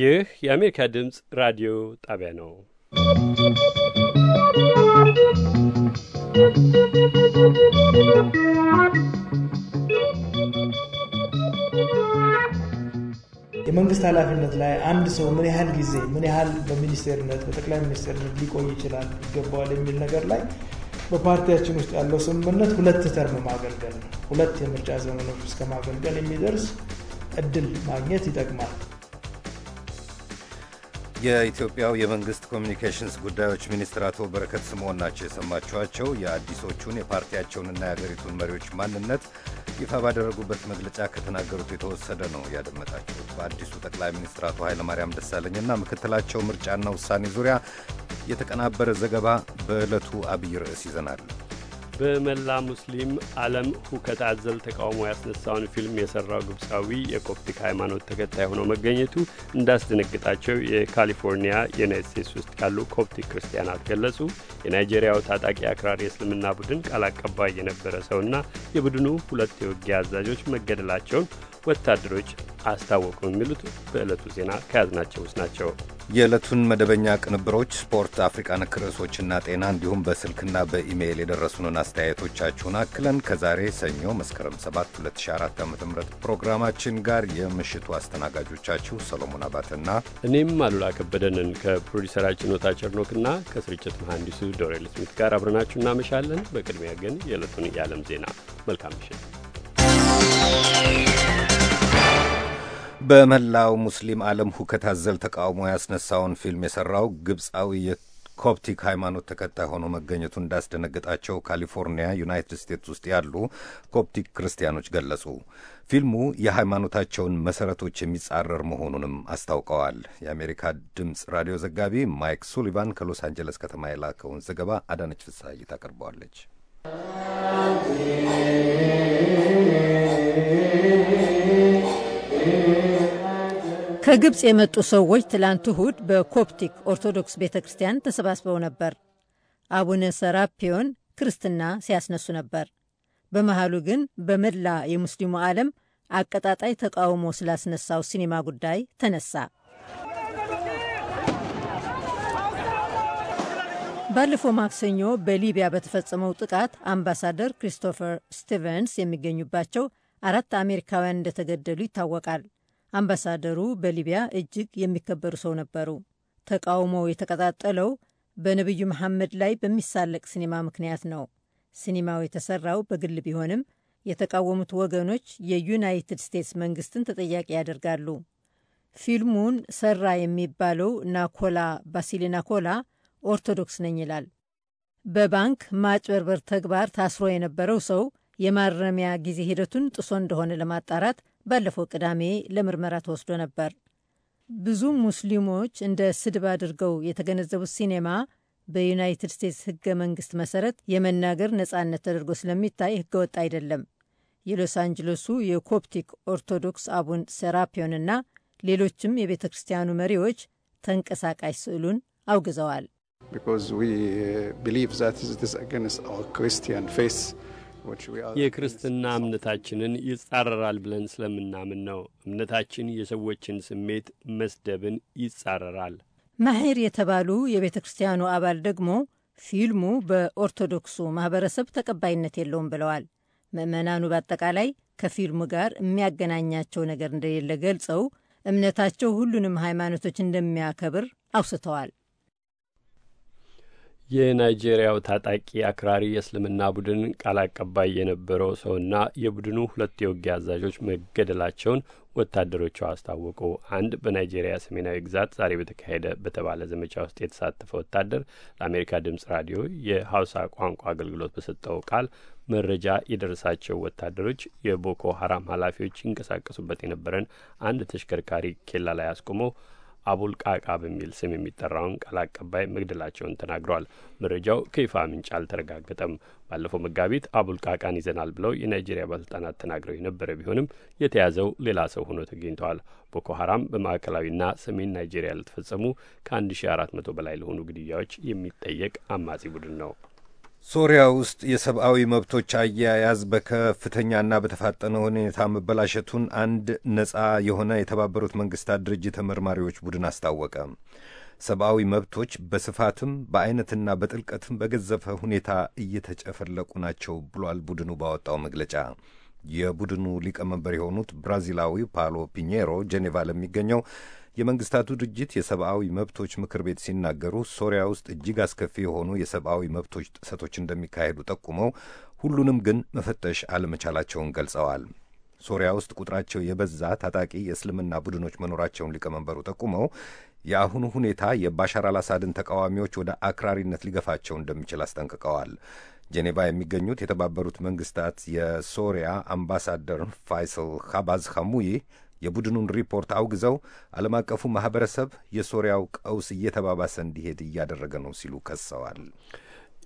ይህ የአሜሪካ ድምፅ ራዲዮ ጣቢያ ነው። የመንግስት ኃላፊነት ላይ አንድ ሰው ምን ያህል ጊዜ ምን ያህል በሚኒስቴርነት በጠቅላይ ሚኒስቴርነት ሊቆይ ይችላል ይገባዋል የሚል ነገር ላይ በፓርቲያችን ውስጥ ያለው ስምምነት ሁለት ተርም ማገልገል ነው። ሁለት የምርጫ ዘመኖች እስከ ማገልገል የሚደርስ እድል ማግኘት ይጠቅማል። የኢትዮጵያው የመንግስት ኮሚኒኬሽንስ ጉዳዮች ሚኒስትር አቶ በረከት ስምዖን ናቸው የሰማችኋቸው። የአዲሶቹን የፓርቲያቸውንና የሀገሪቱን መሪዎች ማንነት ይፋ ባደረጉበት መግለጫ ከተናገሩት የተወሰደ ነው ያደመጣችሁት። በአዲሱ ጠቅላይ ሚኒስትር አቶ ኃይለማርያም ደሳለኝና ምክትላቸው ምርጫና ውሳኔ ዙሪያ የተቀናበረ ዘገባ በዕለቱ አብይ ርዕስ ይዘናል። በመላ ሙስሊም ዓለም ሁከት አዘል ተቃውሞ ያስነሳውን ፊልም የሰራው ግብፃዊ የኮፕቲክ ሃይማኖት ተከታይ ሆኖ መገኘቱ እንዳስደነግጣቸው የካሊፎርኒያ የዩናይት ስቴትስ ውስጥ ያሉ ኮፕቲክ ክርስቲያናት ገለጹ። የናይጄሪያው ታጣቂ አክራሪ የእስልምና ቡድን ቃል አቀባይ የነበረ ሰውና የቡድኑ ሁለት የውጊያ አዛዦች መገደላቸውን ወታደሮች አስታወቁ። የሚሉት በዕለቱ ዜና ከያዝናቸው ውስጥ ናቸው። የዕለቱን መደበኛ ቅንብሮች፣ ስፖርት፣ አፍሪቃ ነክ ርዕሶችና ጤና እንዲሁም በስልክና በኢሜይል የደረሱንን አስተያየቶቻችሁን አክለን ከዛሬ ሰኞ መስከረም 7 2004 ዓ ም ፕሮግራማችን ጋር የምሽቱ አስተናጋጆቻችሁ ሰሎሞን አባተና እኔም አሉላ ከበደንን ከፕሮዲሰራችን ወታ ቸርኖክና ከስርጭት መሐንዲሱ ዶሬል ስሚት ጋር አብረናችሁ እናመሻለን። በቅድሚያ ግን የዕለቱን የዓለም ዜና። መልካም ምሽት። በመላው ሙስሊም ዓለም ሁከት አዘል ተቃውሞ ያስነሳውን ፊልም የሰራው ግብፃዊ የኮፕቲክ ሃይማኖት ተከታይ ሆኖ መገኘቱ እንዳስደነገጣቸው ካሊፎርኒያ፣ ዩናይትድ ስቴትስ ውስጥ ያሉ ኮፕቲክ ክርስቲያኖች ገለጹ። ፊልሙ የሃይማኖታቸውን መሠረቶች የሚጻረር መሆኑንም አስታውቀዋል። የአሜሪካ ድምፅ ራዲዮ ዘጋቢ ማይክ ሱሊቫን ከሎስ አንጀለስ ከተማ የላከውን ዘገባ አዳነች ፍሳይ ታቀርበዋለች። ከግብፅ የመጡ ሰዎች ትላንት እሁድ በኮፕቲክ ኦርቶዶክስ ቤተ ክርስቲያን ተሰባስበው ነበር። አቡነ ሰራፒዮን ክርስትና ሲያስነሱ ነበር። በመሃሉ ግን በመላ የሙስሊሙ ዓለም አቀጣጣይ ተቃውሞ ስላስነሳው ሲኒማ ጉዳይ ተነሳ። ባለፈው ማክሰኞ በሊቢያ በተፈጸመው ጥቃት አምባሳደር ክሪስቶፈር ስቲቨንስ የሚገኙባቸው አራት አሜሪካውያን እንደተገደሉ ይታወቃል። አምባሳደሩ በሊቢያ እጅግ የሚከበሩ ሰው ነበሩ። ተቃውሞው የተቀጣጠለው በነቢዩ መሐመድ ላይ በሚሳለቅ ሲኒማ ምክንያት ነው። ሲኒማው የተሰራው በግል ቢሆንም የተቃወሙት ወገኖች የዩናይትድ ስቴትስ መንግስትን ተጠያቂ ያደርጋሉ። ፊልሙን ሰራ የሚባለው ናኮላ ባሲሊ ናኮላ ኦርቶዶክስ ነኝ ይላል። በባንክ ማጭበርበር ተግባር ታስሮ የነበረው ሰው የማረሚያ ጊዜ ሂደቱን ጥሶ እንደሆነ ለማጣራት ባለፈው ቅዳሜ ለምርመራ ተወስዶ ነበር። ብዙ ሙስሊሞች እንደ ስድብ አድርገው የተገነዘቡት ሲኔማ በዩናይትድ ስቴትስ ህገ መንግስት መሰረት የመናገር ነጻነት ተደርጎ ስለሚታይ ወጥ አይደለም። የሎስ አንጅለሱ የኮፕቲክ ኦርቶዶክስ አቡን ሴራፒዮንና ሌሎችም የቤተ ክርስቲያኑ መሪዎች ተንቀሳቃሽ ስዕሉን አውግዘዋል። የክርስትና እምነታችንን ይጻረራል ብለን ስለምናምን ነው። እምነታችን የሰዎችን ስሜት መስደብን ይጻረራል። ማሄር የተባሉ የቤተ ክርስቲያኑ አባል ደግሞ ፊልሙ በኦርቶዶክሱ ማህበረሰብ ተቀባይነት የለውም ብለዋል። ምዕመናኑ በአጠቃላይ ከፊልሙ ጋር የሚያገናኛቸው ነገር እንደሌለ ገልጸው እምነታቸው ሁሉንም ሃይማኖቶች እንደሚያከብር አውስተዋል። የናይጄሪያው ታጣቂ አክራሪ የእስልምና ቡድን ቃል አቀባይ የነበረው ሰውና የቡድኑ ሁለት የውጊያ አዛዦች መገደላቸውን ወታደሮቹ አስታወቁ። አንድ በናይጄሪያ ሰሜናዊ ግዛት ዛሬ በተካሄደ በተባለ ዘመቻ ውስጥ የተሳተፈ ወታደር ለአሜሪካ ድምጽ ራዲዮ የሀውሳ ቋንቋ አገልግሎት በሰጠው ቃል መረጃ የደረሳቸው ወታደሮች የቦኮ ሀራም ኃላፊዎች ይንቀሳቀሱበት የነበረን አንድ ተሽከርካሪ ኬላ ላይ አስቆመው አቡልቃቃ በሚል ስም የሚጠራውን ቃል አቀባይ መግደላቸውን ተናግረዋል። መረጃው ከይፋ ምንጭ አልተረጋገጠም። ባለፈው መጋቢት አቡልቃቃን ይዘናል ብለው የናይጄሪያ ባለስልጣናት ተናግረው የነበረ ቢሆንም የተያዘው ሌላ ሰው ሆኖ ተገኝተዋል። ቦኮ ሀራም በማዕከላዊና ሰሜን ናይጄሪያ ለተፈጸሙ ከ1400 በላይ ለሆኑ ግድያዎች የሚጠየቅ አማጺ ቡድን ነው። ሶሪያ ውስጥ የሰብአዊ መብቶች አያያዝ በከፍተኛና በተፋጠነ ሁኔታ መበላሸቱን አንድ ነጻ የሆነ የተባበሩት መንግስታት ድርጅት ተመርማሪዎች ቡድን አስታወቀ። ሰብአዊ መብቶች በስፋትም በአይነትና በጥልቀትም በገዘፈ ሁኔታ እየተጨፈለቁ ናቸው ብሏል ቡድኑ ባወጣው መግለጫ። የቡድኑ ሊቀመንበር የሆኑት ብራዚላዊ ፓሎ ፒኔሮ ጄኔቫ ለሚገኘው የመንግስታቱ ድርጅት የሰብአዊ መብቶች ምክር ቤት ሲናገሩ ሶሪያ ውስጥ እጅግ አስከፊ የሆኑ የሰብአዊ መብቶች ጥሰቶች እንደሚካሄዱ ጠቁመው ሁሉንም ግን መፈተሽ አለመቻላቸውን ገልጸዋል። ሶሪያ ውስጥ ቁጥራቸው የበዛ ታጣቂ የእስልምና ቡድኖች መኖራቸውን ሊቀመንበሩ ጠቁመው የአሁኑ ሁኔታ የባሻር አልአሳድን ተቃዋሚዎች ወደ አክራሪነት ሊገፋቸው እንደሚችል አስጠንቅቀዋል። ጄኔቫ የሚገኙት የተባበሩት መንግስታት የሶሪያ አምባሳደር ፋይሰል ካባዝ ሐሙይ የቡድኑን ሪፖርት አውግዘው ዓለም አቀፉ ማኅበረሰብ የሶሪያው ቀውስ እየተባባሰ እንዲሄድ እያደረገ ነው ሲሉ ከሰዋል።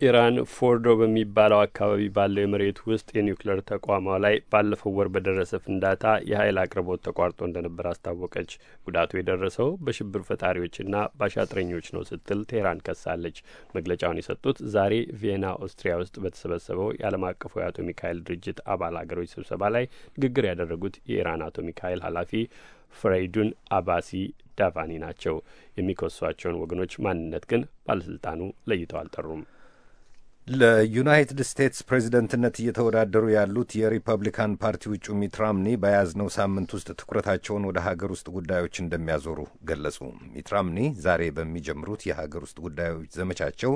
ኢራን ፎርዶ በሚባለው አካባቢ ባለው የመሬት ውስጥ የኒውክሌር ተቋሟ ላይ ባለፈው ወር በደረሰ ፍንዳታ የኃይል አቅርቦት ተቋርጦ እንደነበር አስታወቀች። ጉዳቱ የደረሰው በሽብር ፈጣሪዎችና በአሻጥረኞች ነው ስትል ቴህራን ከሳለች። መግለጫውን የሰጡት ዛሬ ቪየና ኦስትሪያ ውስጥ በተሰበሰበው የዓለም አቀፉ የአቶሚክ ኃይል ድርጅት አባል አገሮች ስብሰባ ላይ ንግግር ያደረጉት የኢራን አቶሚክ ኃይል ኃላፊ ፍሬይዱን አባሲ ዳቫኒ ናቸው። የሚከሷቸውን ወገኖች ማንነት ግን ባለስልጣኑ ለይተው አልጠሩም። ለዩናይትድ ስቴትስ ፕሬዚደንትነት እየተወዳደሩ ያሉት የሪፐብሊካን ፓርቲ እጩ ሚት ራምኒ በያዝነው ሳምንት ውስጥ ትኩረታቸውን ወደ ሀገር ውስጥ ጉዳዮች እንደሚያዞሩ ገለጹ። ሚት ራምኒ ዛሬ በሚጀምሩት የሀገር ውስጥ ጉዳዮች ዘመቻቸው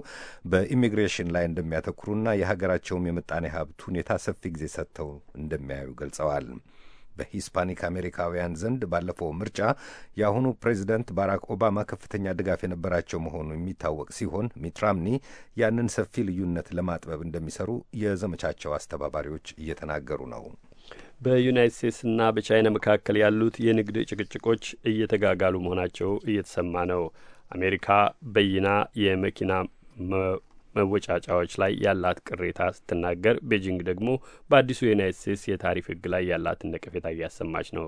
በኢሚግሬሽን ላይ እንደሚያተኩሩና የሀገራቸውም የምጣኔ ሀብት ሁኔታ ሰፊ ጊዜ ሰጥተው እንደሚያዩ ገልጸዋል። በሂስፓኒክ አሜሪካውያን ዘንድ ባለፈው ምርጫ የአሁኑ ፕሬዚደንት ባራክ ኦባማ ከፍተኛ ድጋፍ የነበራቸው መሆኑ የሚታወቅ ሲሆን ሚት ያንን ሰፊ ልዩነት ለማጥበብ እንደሚሰሩ የዘመቻቸው አስተባባሪዎች እየተናገሩ ነው። በዩናይት ስቴትስና በቻይና መካከል ያሉት የንግድ ጭቅጭቆች እየተጋጋሉ መሆናቸው እየተሰማ ነው። አሜሪካ በይና የመኪና መወጫጫዎች ላይ ያላት ቅሬታ ስትናገር፣ ቤጂንግ ደግሞ በአዲሱ የዩናይትድ ስቴትስ የታሪፍ ሕግ ላይ ያላትን ነቀፌታ እያሰማች ነው።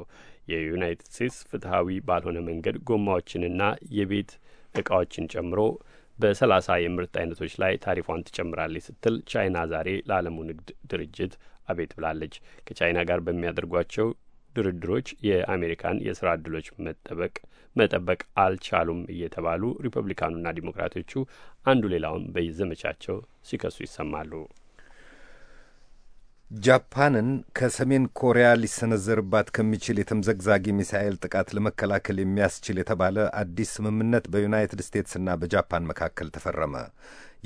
የዩናይትድ ስቴትስ ፍትሐዊ ባልሆነ መንገድ ጎማዎችንና የቤት እቃዎችን ጨምሮ በሰላሳ የምርት አይነቶች ላይ ታሪፏን ትጨምራለች ስትል ቻይና ዛሬ ለዓለሙ ንግድ ድርጅት አቤት ብላለች። ከቻይና ጋር በሚያደርጓቸው ድርድሮች የአሜሪካን የስራ እድሎች መጠበቅ መጠበቅ አልቻሉም እየተባሉ ሪፐብሊካኑና ዲሞክራቶቹ አንዱ ሌላውን በየዘመቻቸው ሲከሱ ይሰማሉ። ጃፓንን ከሰሜን ኮሪያ ሊሰነዘርባት ከሚችል የተምዘግዛጊ ሚሳኤል ጥቃት ለመከላከል የሚያስችል የተባለ አዲስ ስምምነት በዩናይትድ ስቴትስና በጃፓን መካከል ተፈረመ።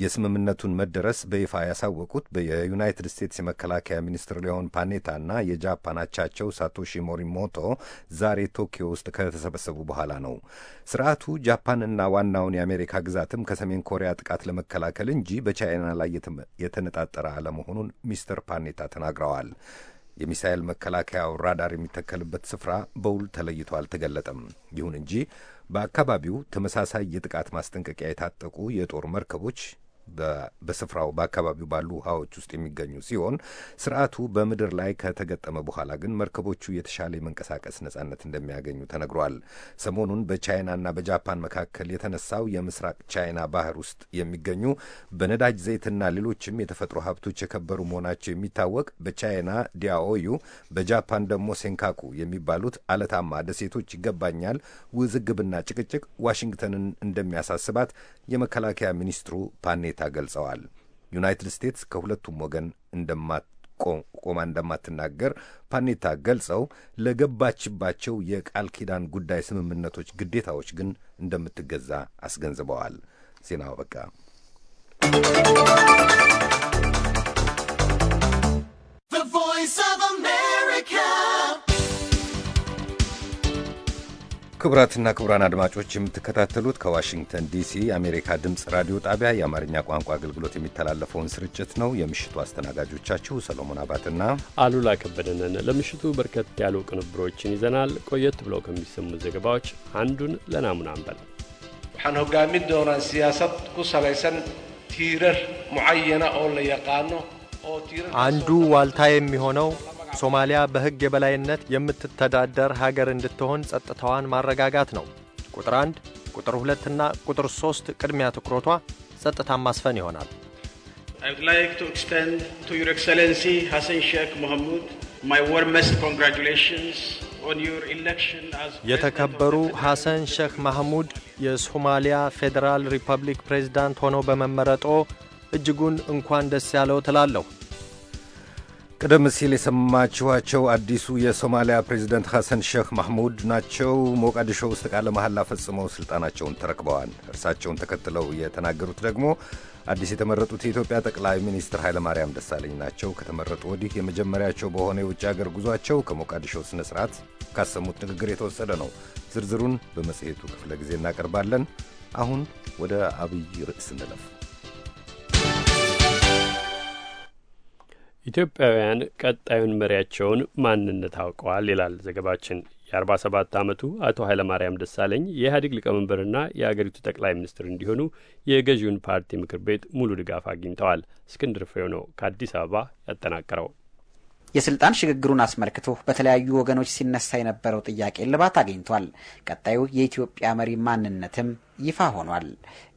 የስምምነቱን መደረስ በይፋ ያሳወቁት የዩናይትድ ስቴትስ የመከላከያ ሚኒስትር ሊዮን ፓኔታና የጃፓን አቻቸው ሳቶሺ ሞሪሞቶ ዛሬ ቶኪዮ ውስጥ ከተሰበሰቡ በኋላ ነው። ስርዓቱ ጃፓንና ዋናውን የአሜሪካ ግዛትም ከሰሜን ኮሪያ ጥቃት ለመከላከል እንጂ በቻይና ላይ የተነጣጠረ አለመሆኑን ሚስተር ፓኔታ ተናግረዋል። የሚሳኤል መከላከያው ራዳር የሚተከልበት ስፍራ በውል ተለይቶ አልተገለጠም። ይሁን እንጂ በአካባቢው ተመሳሳይ የጥቃት ማስጠንቀቂያ የታጠቁ የጦር መርከቦች በስፍራው በአካባቢው ባሉ ውሃዎች ውስጥ የሚገኙ ሲሆን ስርዓቱ በምድር ላይ ከተገጠመ በኋላ ግን መርከቦቹ የተሻለ የመንቀሳቀስ ነጻነት እንደሚያገኙ ተነግሯል። ሰሞኑን በቻይናና በጃፓን መካከል የተነሳው የምስራቅ ቻይና ባህር ውስጥ የሚገኙ በነዳጅ ዘይትና ሌሎችም የተፈጥሮ ሀብቶች የከበሩ መሆናቸው የሚታወቅ በቻይና ዲያኦዩ በጃፓን ደግሞ ሴንካኩ የሚባሉት አለታማ ደሴቶች ይገባኛል ውዝግብና ጭቅጭቅ ዋሽንግተንን እንደሚያሳስባት የመከላከያ ሚኒስትሩ ፓኔ ሁኔታ ገልጸዋል። ዩናይትድ ስቴትስ ከሁለቱም ወገን እንደማትቆማ እንደማትናገር ፓኔታ ገልጸው ለገባችባቸው የቃል ኪዳን ጉዳይ ስምምነቶች ግዴታዎች ግን እንደምትገዛ አስገንዝበዋል። ዜናው በቃ ክቡራትና ክቡራን አድማጮች የምትከታተሉት ከዋሽንግተን ዲሲ የአሜሪካ ድምፅ ራዲዮ ጣቢያ የአማርኛ ቋንቋ አገልግሎት የሚተላለፈውን ስርጭት ነው። የምሽቱ አስተናጋጆቻችሁ ሰሎሞን አባትና አሉላ ከበደነን። ለምሽቱ በርከት ያሉ ቅንብሮችን ይዘናል። ቆየት ብለው ከሚሰሙ ዘገባዎች አንዱን ለናሙና አንበል። waxaan hogaamin doonaa siyaasad ku salaysan tiirar አንዱ ዋልታ የሚሆነው ሶማሊያ በሕግ የበላይነት የምትተዳደር ሀገር እንድትሆን ጸጥታዋን ማረጋጋት ነው። ቁጥር 1፣ ቁጥር 2 እና ቁጥር 3 ቅድሚያ ትኩረቷ ጸጥታን ማስፈን ይሆናል። የተከበሩ ሐሰን ሼክ ማህሙድ የሶማሊያ ፌዴራል ሪፐብሊክ ፕሬዚዳንት ሆነው በመመረጦ እጅጉን እንኳን ደስ ያለው ትላለሁ። ቀደም ሲል የሰማችኋቸው አዲሱ የሶማሊያ ፕሬዚደንት ሐሰን ሼህ ማህሙድ ናቸው። ሞቃዲሾ ውስጥ ቃለ መሐላ ፈጽመው ሥልጣናቸውን ተረክበዋል። እርሳቸውን ተከትለው የተናገሩት ደግሞ አዲስ የተመረጡት የኢትዮጵያ ጠቅላይ ሚኒስትር ኃይለማርያም ደሳለኝ ናቸው። ከተመረጡ ወዲህ የመጀመሪያቸው በሆነ የውጭ አገር ጉዟቸው ከሞቃዲሾ ሥነ ሥርዓት ካሰሙት ንግግር የተወሰደ ነው። ዝርዝሩን በመጽሔቱ ክፍለ ጊዜ እናቀርባለን። አሁን ወደ አብይ ርዕስ እንለፍ። ኢትዮጵያውያን ቀጣዩን መሪያቸውን ማንነት አውቀዋል ይላል ዘገባችን። የአርባ ሰባት ዓመቱ አቶ ኃይለማርያም ደሳለኝ የኢህአዴግ ሊቀመንበርና የአገሪቱ ጠቅላይ ሚኒስትር እንዲሆኑ የገዢውን ፓርቲ ምክር ቤት ሙሉ ድጋፍ አግኝተዋል። እስክንድር ፍሬው ነው ከአዲስ አበባ ያጠናቀረው። የስልጣን ሽግግሩን አስመልክቶ በተለያዩ ወገኖች ሲነሳ የነበረው ጥያቄ እልባት አግኝቷል። ቀጣዩ የኢትዮጵያ መሪ ማንነትም ይፋ ሆኗል።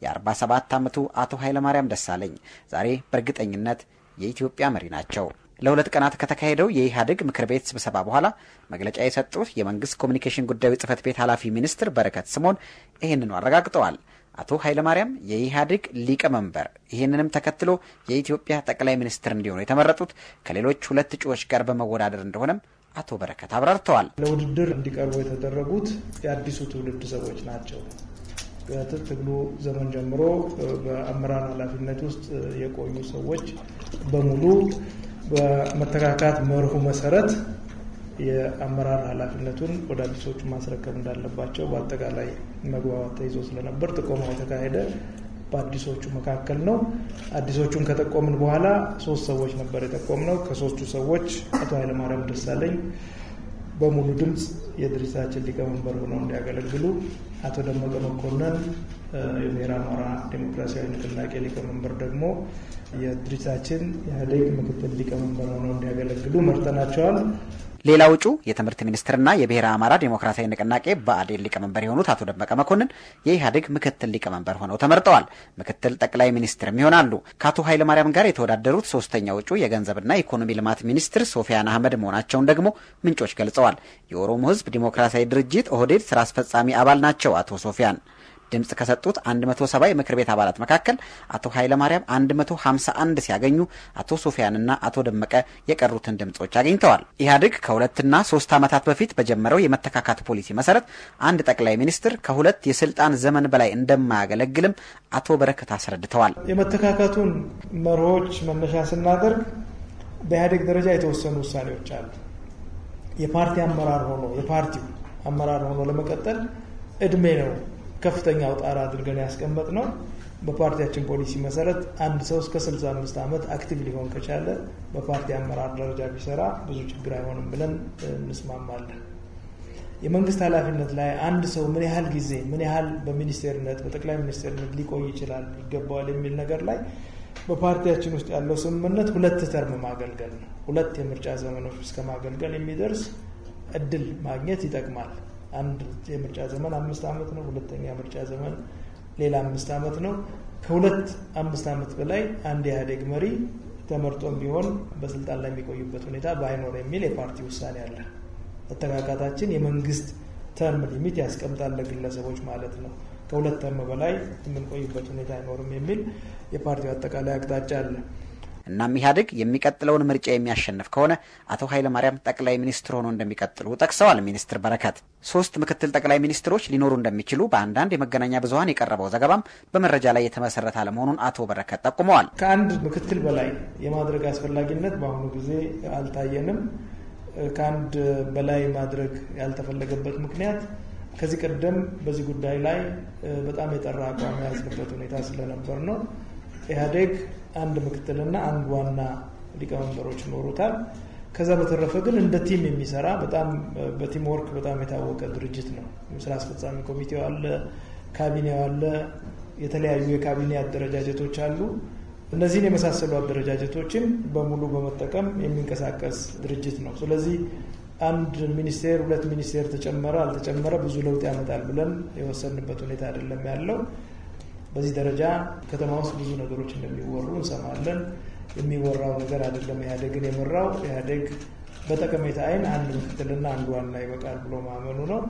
የ47 ዓመቱ አቶ ኃይለማርያም ደሳለኝ ዛሬ በእርግጠኝነት የኢትዮጵያ መሪ ናቸው። ለሁለት ቀናት ከተካሄደው የኢህአዴግ ምክር ቤት ስብሰባ በኋላ መግለጫ የሰጡት የመንግስት ኮሚኒኬሽን ጉዳዮች ጽህፈት ቤት ኃላፊ ሚኒስትር በረከት ስምኦን ይህንኑ አረጋግጠዋል። አቶ ኃይለማርያም የኢህአዴግ ሊቀመንበር ይህንንም ተከትሎ የኢትዮጵያ ጠቅላይ ሚኒስትር እንዲሆኑ የተመረጡት ከሌሎች ሁለት እጩዎች ጋር በመወዳደር እንደሆነም አቶ በረከት አብራርተዋል። ለውድድር እንዲቀርቡ የተደረጉት የአዲሱ ትውልድ ሰዎች ናቸው። ትግሉ ዘመን ጀምሮ በአመራር ኃላፊነት ውስጥ የቆዩ ሰዎች በሙሉ በመተካካት መርሁ መሰረት የአመራር ኃላፊነቱን ወደ አዲሶቹ ማስረከብ እንዳለባቸው በአጠቃላይ መግባባት ተይዞ ስለነበር ጥቆማ የተካሄደ በአዲሶቹ መካከል ነው። አዲሶቹን ከጠቆምን በኋላ ሶስት ሰዎች ነበር የጠቆምነው። ከሶስቱ ሰዎች አቶ ኃይለማርያም ደሳለኝ በሙሉ ድምፅ የድርጅታችን ሊቀመንበር ሆነው እንዲያገለግሉ አቶ ደመቀ መኮንን የብሔረ አማራ ዴሞክራሲያዊ ንቅናቄ ሊቀመንበር ደግሞ የድርጅታችን ኢህአዴግ ምክትል ሊቀመንበር ሆነው እንዲያገለግሉ መርጠናቸዋል። ሌላ ውጩ የትምህርት ሚኒስትርና የብሔረ አማራ ዴሞክራሲያዊ ንቅናቄ ብአዴን ሊቀመንበር የሆኑት አቶ ደመቀ መኮንን የኢህአዴግ ምክትል ሊቀመንበር ሆነው ተመርጠዋል። ምክትል ጠቅላይ ሚኒስትርም ይሆናሉ። ከአቶ ኃይለማርያም ጋር የተወዳደሩት ሶስተኛ ውጩ የገንዘብና ኢኮኖሚ ልማት ሚኒስትር ሶፊያን አህመድ መሆናቸውን ደግሞ ምንጮች ገልጸዋል። የኦሮሞ ህዝብ ዲሞክራሲያዊ ድርጅት ኦህዴድ ስራ አስፈጻሚ አባል ናቸው አቶ ሶፊያን ድምፅ ከሰጡት 170 የምክር ቤት አባላት መካከል አቶ ኃይለማርያም 151 ሲያገኙ አቶ ሶፊያንና አቶ ደመቀ የቀሩትን ድምፆች አግኝተዋል። ኢህአዴግ ከሁለትና ሶስት ዓመታት በፊት በጀመረው የመተካካት ፖሊሲ መሰረት አንድ ጠቅላይ ሚኒስትር ከሁለት የስልጣን ዘመን በላይ እንደማያገለግልም አቶ በረከት አስረድተዋል። የመተካካቱን መርሆች መነሻ ስናደርግ በኢህአዴግ ደረጃ የተወሰኑ ውሳኔዎች አሉ። የፓርቲ አመራር ሆኖ የፓርቲው አመራር ሆኖ ለመቀጠል እድሜ ነው ከፍተኛው ጣራ አድርገን ያስቀመጥ ነው። በፓርቲያችን ፖሊሲ መሰረት አንድ ሰው እስከ 65 ዓመት አክቲቭ ሊሆን ከቻለ በፓርቲ አመራር ደረጃ ቢሰራ ብዙ ችግር አይሆንም ብለን እንስማማለን። የመንግስት ኃላፊነት ላይ አንድ ሰው ምን ያህል ጊዜ ምን ያህል በሚኒስቴርነት በጠቅላይ ሚኒስቴርነት ሊቆይ ይችላል ይገባዋል የሚል ነገር ላይ በፓርቲያችን ውስጥ ያለው ስምምነት ሁለት ተርም ማገልገል ነው። ሁለት የምርጫ ዘመኖች እስከ ማገልገል የሚደርስ እድል ማግኘት ይጠቅማል። አንድ የምርጫ ዘመን አምስት ዓመት ነው። ሁለተኛ ምርጫ ዘመን ሌላ አምስት ዓመት ነው። ከሁለት አምስት ዓመት በላይ አንድ ኢህአዴግ መሪ ተመርጦም ቢሆን በስልጣን ላይ የሚቆዩበት ሁኔታ ባይኖር የሚል የፓርቲ ውሳኔ አለ። አተካካታችን የመንግስት ተርም ሊሚት ያስቀምጣል ለግለሰቦች ማለት ነው። ከሁለት ተርም በላይ የምንቆይበት ሁኔታ አይኖርም የሚል የፓርቲው አጠቃላይ አቅጣጫ አለ። እናም ኢህአዴግ የሚቀጥለውን ምርጫ የሚያሸንፍ ከሆነ አቶ ኃይለማርያም ጠቅላይ ሚኒስትር ሆኖ እንደሚቀጥሉ ጠቅሰዋል። ሚኒስትር በረከት ሶስት ምክትል ጠቅላይ ሚኒስትሮች ሊኖሩ እንደሚችሉ በአንዳንድ የመገናኛ ብዙኃን የቀረበው ዘገባም በመረጃ ላይ የተመሰረተ አለመሆኑን አቶ በረከት ጠቁመዋል። ከአንድ ምክትል በላይ የማድረግ አስፈላጊነት በአሁኑ ጊዜ አልታየንም። ከአንድ በላይ ማድረግ ያልተፈለገበት ምክንያት ከዚህ ቀደም በዚህ ጉዳይ ላይ በጣም የጠራ አቋም የያዝንበት ሁኔታ ስለነበር ነው። ኢህአዴግ አንድ ምክትልና አንድ ዋና ሊቀመንበሮች ይኖሩታል። ከዛ በተረፈ ግን እንደ ቲም የሚሰራ በጣም በቲም ወርክ በጣም የታወቀ ድርጅት ነው። ስራ አስፈጻሚ ኮሚቴው አለ፣ ካቢኔው አለ፣ የተለያዩ የካቢኔ አደረጃጀቶች አሉ። እነዚህን የመሳሰሉ አደረጃጀቶችን በሙሉ በመጠቀም የሚንቀሳቀስ ድርጅት ነው። ስለዚህ አንድ ሚኒስቴር ሁለት ሚኒስቴር ተጨመረ አልተጨመረ ብዙ ለውጥ ያመጣል ብለን የወሰንበት ሁኔታ አይደለም ያለው። በዚህ ደረጃ ከተማ ውስጥ ብዙ ነገሮች እንደሚወሩ እንሰማለን። የሚወራው ነገር አይደለም። ኢህአዴግን የመራው ኢህአዴግ በጠቀሜታ አይን አንድ ምክትልና አንዱ ዋና ይበቃል ብሎ ማመኑ ነው።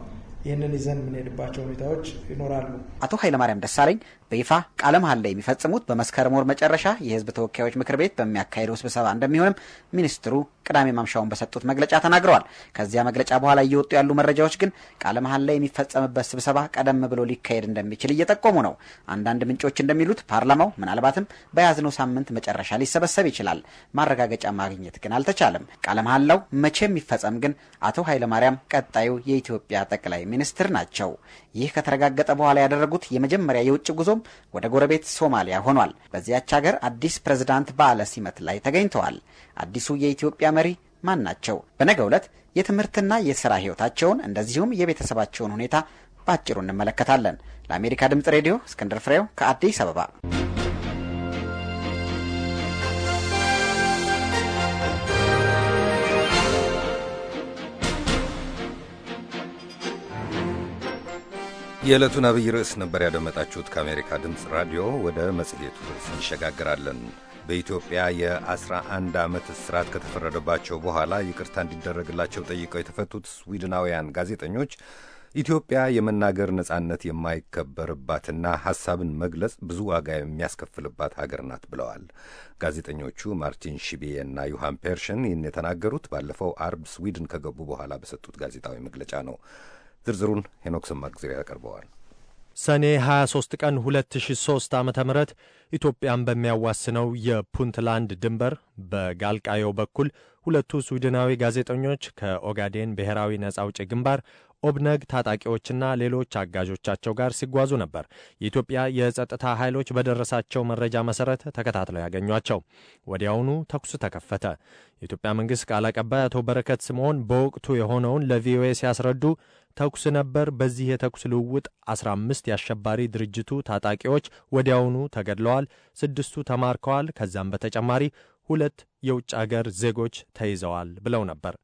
ይህንን ይዘን የምንሄድባቸው ሁኔታዎች ይኖራሉ። አቶ ኃይለማርያም ደሳለኝ በይፋ ቃለ መሐላ የሚፈጽሙት በመስከረም ወር መጨረሻ የህዝብ ተወካዮች ምክር ቤት በሚያካሄደው ስብሰባ እንደሚሆንም ሚኒስትሩ ቅዳሜ ማምሻውን በሰጡት መግለጫ ተናግረዋል። ከዚያ መግለጫ በኋላ እየወጡ ያሉ መረጃዎች ግን ቃለ መሐላ የሚፈጸምበት ስብሰባ ቀደም ብሎ ሊካሄድ እንደሚችል እየጠቆሙ ነው። አንዳንድ ምንጮች እንደሚሉት ፓርላማው ምናልባትም በያዝነው ሳምንት መጨረሻ ሊሰበሰብ ይችላል። ማረጋገጫ ማግኘት ግን አልተቻለም። ቃለ መሐላው መቼ የሚፈጸም ግን አቶ ኃይለማርያም ቀጣዩ የኢትዮጵያ ጠቅላይ ሚኒስትር ናቸው። ይህ ከተረጋገጠ በኋላ ያደረጉት የመጀመሪያ የውጭ ጉዞም ወደ ጎረቤት ሶማሊያ ሆኗል። በዚያች ሀገር አዲስ ፕሬዝዳንት በዓለ ሲመት ላይ ተገኝተዋል። አዲሱ የኢትዮጵያ መሪ ማን ናቸው? በነገ ዕለት የትምህርትና የሥራ ሕይወታቸውን እንደዚሁም የቤተሰባቸውን ሁኔታ በአጭሩ እንመለከታለን። ለአሜሪካ ድምፅ ሬዲዮ እስክንድር ፍሬው ከአዲስ አበባ የዕለቱን አብይ ርዕስ ነበር ያደመጣችሁት። ከአሜሪካ ድምፅ ራዲዮ ወደ መጽሔቱ ርዕስ እንሸጋግራለን። በኢትዮጵያ የ11 ዓመት እስራት ከተፈረደባቸው በኋላ ይቅርታ እንዲደረግላቸው ጠይቀው የተፈቱት ስዊድናውያን ጋዜጠኞች ኢትዮጵያ የመናገር ነጻነት የማይከበርባትና ሐሳብን መግለጽ ብዙ ዋጋ የሚያስከፍልባት ሀገር ናት ብለዋል። ጋዜጠኞቹ ማርቲን ሺቢዬ እና ዮሐን ፔርሽን ይህን የተናገሩት ባለፈው አርብ ስዊድን ከገቡ በኋላ በሰጡት ጋዜጣዊ መግለጫ ነው። ዝርዝሩን ሄኖክ ሰማግዜር ያቀርበዋል። ሰኔ 23 ቀን 2003 ዓ ም ኢትዮጵያን በሚያዋስነው የፑንትላንድ ድንበር በጋልቃዮ በኩል ሁለቱ ስዊድናዊ ጋዜጠኞች ከኦጋዴን ብሔራዊ ነጻ አውጪ ግንባር ኦብነግ ታጣቂዎችና ሌሎች አጋዦቻቸው ጋር ሲጓዙ ነበር የኢትዮጵያ የጸጥታ ኃይሎች በደረሳቸው መረጃ መሰረት ተከታትለው ያገኟቸው። ወዲያውኑ ተኩስ ተከፈተ። የኢትዮጵያ መንግሥት ቃል አቀባይ አቶ በረከት ስምዖን በወቅቱ የሆነውን ለቪኦኤ ሲያስረዱ ተኩስ ነበር። በዚህ የተኩስ ልውውጥ 15 የአሸባሪ ድርጅቱ ታጣቂዎች ወዲያውኑ ተገድለዋል፣ ስድስቱ ተማርከዋል። ከዛም በተጨማሪ ሁለት የውጭ አገር ዜጎች ተይዘዋል ብለው ነበር።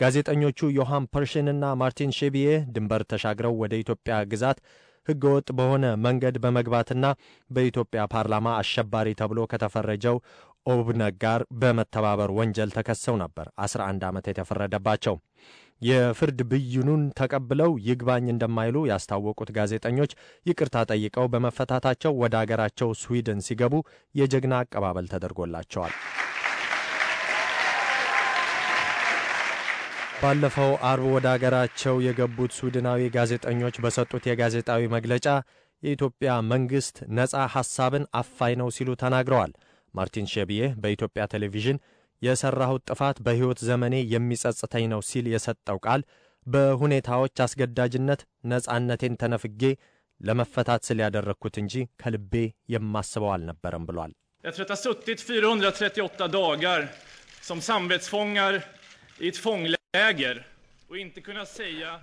ጋዜጠኞቹ ዮሐን ፐርሽንና ማርቲን ሼቢዬ ድንበር ተሻግረው ወደ ኢትዮጵያ ግዛት ሕገወጥ በሆነ መንገድ በመግባትና በኢትዮጵያ ፓርላማ አሸባሪ ተብሎ ከተፈረጀው ኦብነግ ጋር በመተባበር ወንጀል ተከሰው ነበር 11 ዓመት የተፈረደባቸው። የፍርድ ብይኑን ተቀብለው ይግባኝ እንደማይሉ ያስታወቁት ጋዜጠኞች ይቅርታ ጠይቀው በመፈታታቸው ወደ አገራቸው ስዊድን ሲገቡ የጀግና አቀባበል ተደርጎላቸዋል። ባለፈው አርብ ወደ አገራቸው የገቡት ሱድናዊ ጋዜጠኞች በሰጡት የጋዜጣዊ መግለጫ የኢትዮጵያ መንግሥት ነፃ ሐሳብን አፋይ ነው ሲሉ ተናግረዋል። ማርቲን ሸብዬ በኢትዮጵያ ቴሌቪዥን የሠራሁት ጥፋት በሕይወት ዘመኔ የሚጸጽተኝ ነው ሲል የሰጠው ቃል በሁኔታዎች አስገዳጅነት ነፃነቴን ተነፍጌ ለመፈታት ስል ያደረግኩት እንጂ ከልቤ የማስበው አልነበረም ብሏል። Efter att ha suttit 438 dagar som samvetsfångar i ett fångläger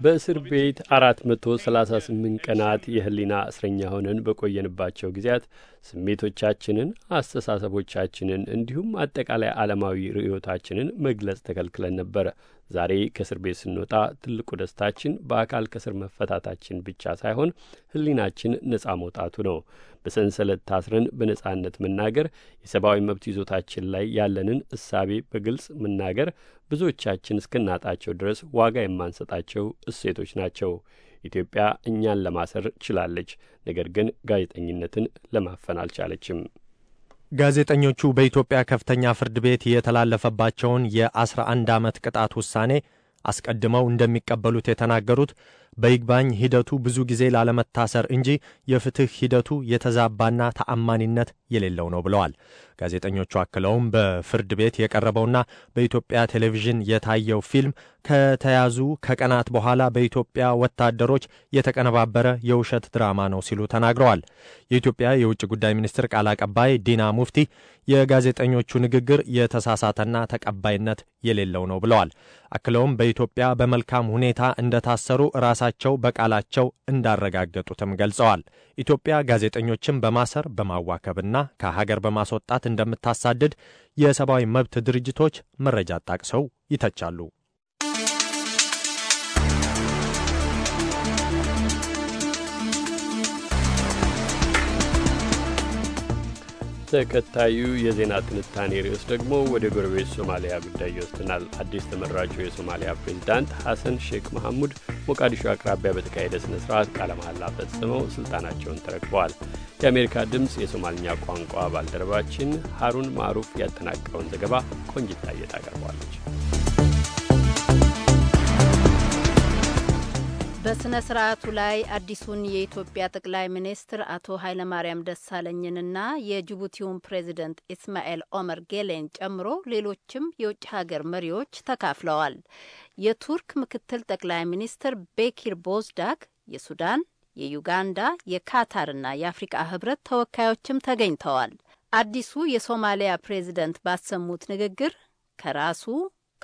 በእስር ቤት አራት መቶ ሰላሳ ስምንት ቀናት የህሊና እስረኛ ሆነን በቆየንባቸው ጊዜያት ስሜቶቻችንን፣ አስተሳሰቦቻችንን እንዲሁም አጠቃላይ ዓለማዊ ርእዮታችንን መግለጽ ተከልክለን ነበር። ዛሬ ከእስር ቤት ስንወጣ ትልቁ ደስታችን በአካል ከእስር መፈታታችን ብቻ ሳይሆን ሕሊናችን ነጻ መውጣቱ ነው። በሰንሰለት ታስረን በነጻነት መናገር፣ የሰብአዊ መብት ይዞታችን ላይ ያለንን እሳቤ በግልጽ መናገር ብዙዎቻችን እስክናጣቸው ድረስ ዋጋ የማንሰጣቸው እሴቶች ናቸው። ኢትዮጵያ እኛን ለማሰር ችላለች፣ ነገር ግን ጋዜጠኝነትን ለማፈን አልቻለችም። ጋዜጠኞቹ በኢትዮጵያ ከፍተኛ ፍርድ ቤት የተላለፈባቸውን የ11 ዓመት ቅጣት ውሳኔ አስቀድመው እንደሚቀበሉት የተናገሩት በይግባኝ ሂደቱ ብዙ ጊዜ ላለመታሰር እንጂ የፍትህ ሂደቱ የተዛባና ተአማኒነት የሌለው ነው ብለዋል። ጋዜጠኞቹ አክለውም በፍርድ ቤት የቀረበውና በኢትዮጵያ ቴሌቪዥን የታየው ፊልም ከተያዙ ከቀናት በኋላ በኢትዮጵያ ወታደሮች የተቀነባበረ የውሸት ድራማ ነው ሲሉ ተናግረዋል። የኢትዮጵያ የውጭ ጉዳይ ሚኒስትር ቃል አቀባይ ዲና ሙፍቲ የጋዜጠኞቹ ንግግር የተሳሳተና ተቀባይነት የሌለው ነው ብለዋል። አክለውም በኢትዮጵያ በመልካም ሁኔታ እንደታሰሩ ራሳ ራሳቸው በቃላቸው እንዳረጋገጡትም ገልጸዋል። ኢትዮጵያ ጋዜጠኞችን በማሰር በማዋከብና ከሀገር በማስወጣት እንደምታሳድድ የሰብአዊ መብት ድርጅቶች መረጃ ጣቅሰው ይተቻሉ። ተከታዩ የዜና ትንታኔ ርዕስ ደግሞ ወደ ጎረቤት ሶማሊያ ጉዳይ ይወስድናል። አዲስ ተመራጩ የሶማሊያ ፕሬዚዳንት ሐሰን ሼክ መሐሙድ ሞቃዲሾ አቅራቢያ በተካሄደ ስነ ስርዓት ቃለ መሐላ ፈጽመው ስልጣናቸውን ተረክበዋል። የአሜሪካ ድምፅ የሶማልኛ ቋንቋ ባልደረባችን ሀሩን ማዕሩፍ ያጠናቀውን ዘገባ ቆንጅታየት ታቀርባለች። በሥነ ሥርዓቱ ላይ አዲሱን የኢትዮጵያ ጠቅላይ ሚኒስትር አቶ ኃይለማርያም ደሳለኝንና የጅቡቲውን ፕሬዚደንት ኢስማኤል ኦመር ጌሌን ጨምሮ ሌሎችም የውጭ ሀገር መሪዎች ተካፍለዋል። የቱርክ ምክትል ጠቅላይ ሚኒስትር ቤኪር ቦዝዳክ፣ የሱዳን፣ የዩጋንዳ፣ የካታርና የአፍሪቃ ህብረት ተወካዮችም ተገኝተዋል። አዲሱ የሶማሊያ ፕሬዚደንት ባሰሙት ንግግር ከራሱ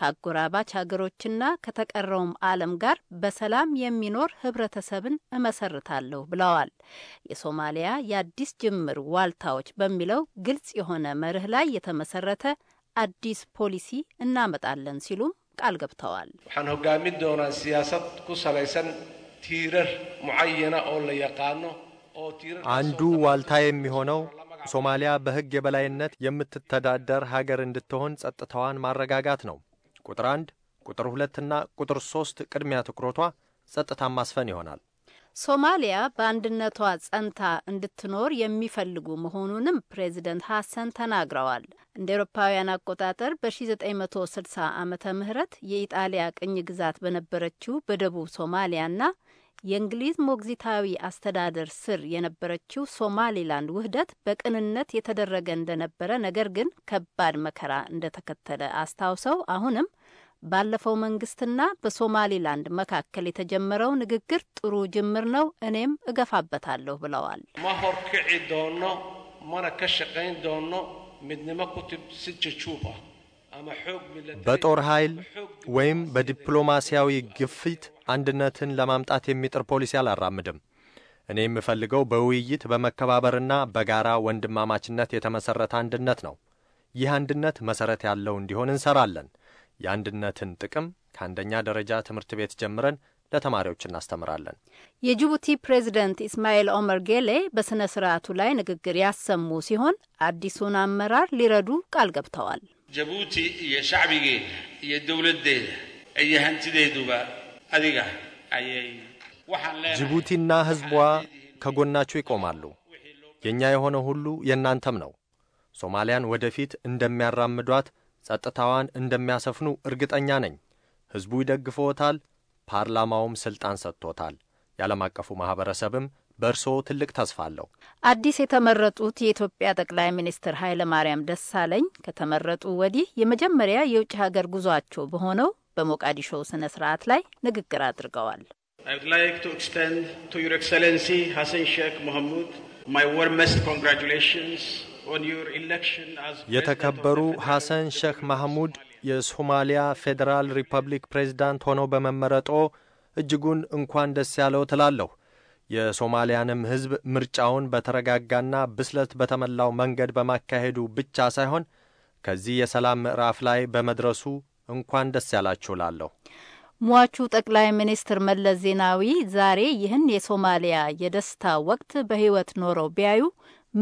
ከአጎራባች ሀገሮችና ከተቀረውም ዓለም ጋር በሰላም የሚኖር ህብረተሰብን እመሰርታለሁ ብለዋል። የሶማሊያ የአዲስ ጅምር ዋልታዎች በሚለው ግልጽ የሆነ መርህ ላይ የተመሰረተ አዲስ ፖሊሲ እናመጣለን ሲሉም ቃል ገብተዋል። waxaan hogaamin doonaa siyaasad ku salaysan tiirar mucayana አንዱ ዋልታ የሚሆነው ሶማሊያ በሕግ የበላይነት የምትተዳደር ሀገር እንድትሆን ጸጥታዋን ማረጋጋት ነው። ቁጥር አንድ ቁጥር ሁለትና ቁጥር ሶስት ቅድሚያ ትኩረቷ ጸጥታ ማስፈን ይሆናል። ሶማሊያ በአንድነቷ ጸንታ እንድትኖር የሚፈልጉ መሆኑንም ፕሬዚደንት ሀሰን ተናግረዋል። እንደ ኤሮፓውያን አቆጣጠር በ1960 ዓመተ ምህረት የኢጣሊያ ቅኝ ግዛት በነበረችው በደቡብ ሶማሊያና የእንግሊዝ ሞግዚታዊ አስተዳደር ስር የነበረችው ሶማሊላንድ ውህደት በቅንነት የተደረገ እንደነበረ ነገር ግን ከባድ መከራ እንደተከተለ አስታውሰው አሁንም ባለፈው መንግስትና በሶማሊላንድ መካከል የተጀመረው ንግግር ጥሩ ጅምር ነው፣ እኔም እገፋበታለሁ ብለዋል። ማሆር ክዒ ዶኖ ማነ ከሸቀኝ ዶኖ ሚድኒመ ኩትብ ስጀቹባ በጦር ኃይል ወይም በዲፕሎማሲያዊ ግፊት አንድነትን ለማምጣት የሚጥር ፖሊሲ አላራምድም። እኔ የምፈልገው በውይይት በመከባበርና በጋራ ወንድማማችነት የተመሠረተ አንድነት ነው። ይህ አንድነት መሠረት ያለው እንዲሆን እንሰራለን። የአንድነትን ጥቅም ከአንደኛ ደረጃ ትምህርት ቤት ጀምረን ለተማሪዎች እናስተምራለን። የጅቡቲ ፕሬዝደንት ኢስማኤል ኦመር ጌሌ በሥነ ሥርዓቱ ላይ ንግግር ያሰሙ ሲሆን አዲሱን አመራር ሊረዱ ቃል ገብተዋል። jabuuti iyo shacbigeeda iyo dowladdeeda iyo hantideeduba adiga ayay waxaan lee ጅቡቲና ሕዝቧ ከጎናችሁ ይቆማሉ። የእኛ የሆነ ሁሉ የእናንተም ነው። ሶማሊያን ወደፊት እንደሚያራምዷት፣ ጸጥታዋን እንደሚያሰፍኑ እርግጠኛ ነኝ። ሕዝቡ ይደግፈዎታል። ፓርላማውም ሥልጣን ሰጥቶታል። የዓለም አቀፉ ማኅበረሰብም በእርስዎ ትልቅ ተስፋ አለው። አዲስ የተመረጡት የኢትዮጵያ ጠቅላይ ሚኒስትር ኃይለ ማርያም ደሳለኝ ከተመረጡ ወዲህ የመጀመሪያ የውጭ ሀገር ጉዟቸው በሆነው በሞቃዲሾ ስነ ስርዓት ላይ ንግግር አድርገዋል። የተከበሩ ሐሰን ሼክ ማህሙድ የሶማሊያ ፌዴራል ሪፐብሊክ ፕሬዝዳንት ሆነው በመመረጦ እጅጉን እንኳን ደስ ያለው ትላለሁ። የሶማሊያንም ሕዝብ ምርጫውን በተረጋጋና ብስለት በተሞላው መንገድ በማካሄዱ ብቻ ሳይሆን ከዚህ የሰላም ምዕራፍ ላይ በመድረሱ እንኳን ደስ ያላችሁ ላለሁ። ሟቹ ጠቅላይ ሚኒስትር መለስ ዜናዊ ዛሬ ይህን የሶማሊያ የደስታ ወቅት በሕይወት ኖረው ቢያዩ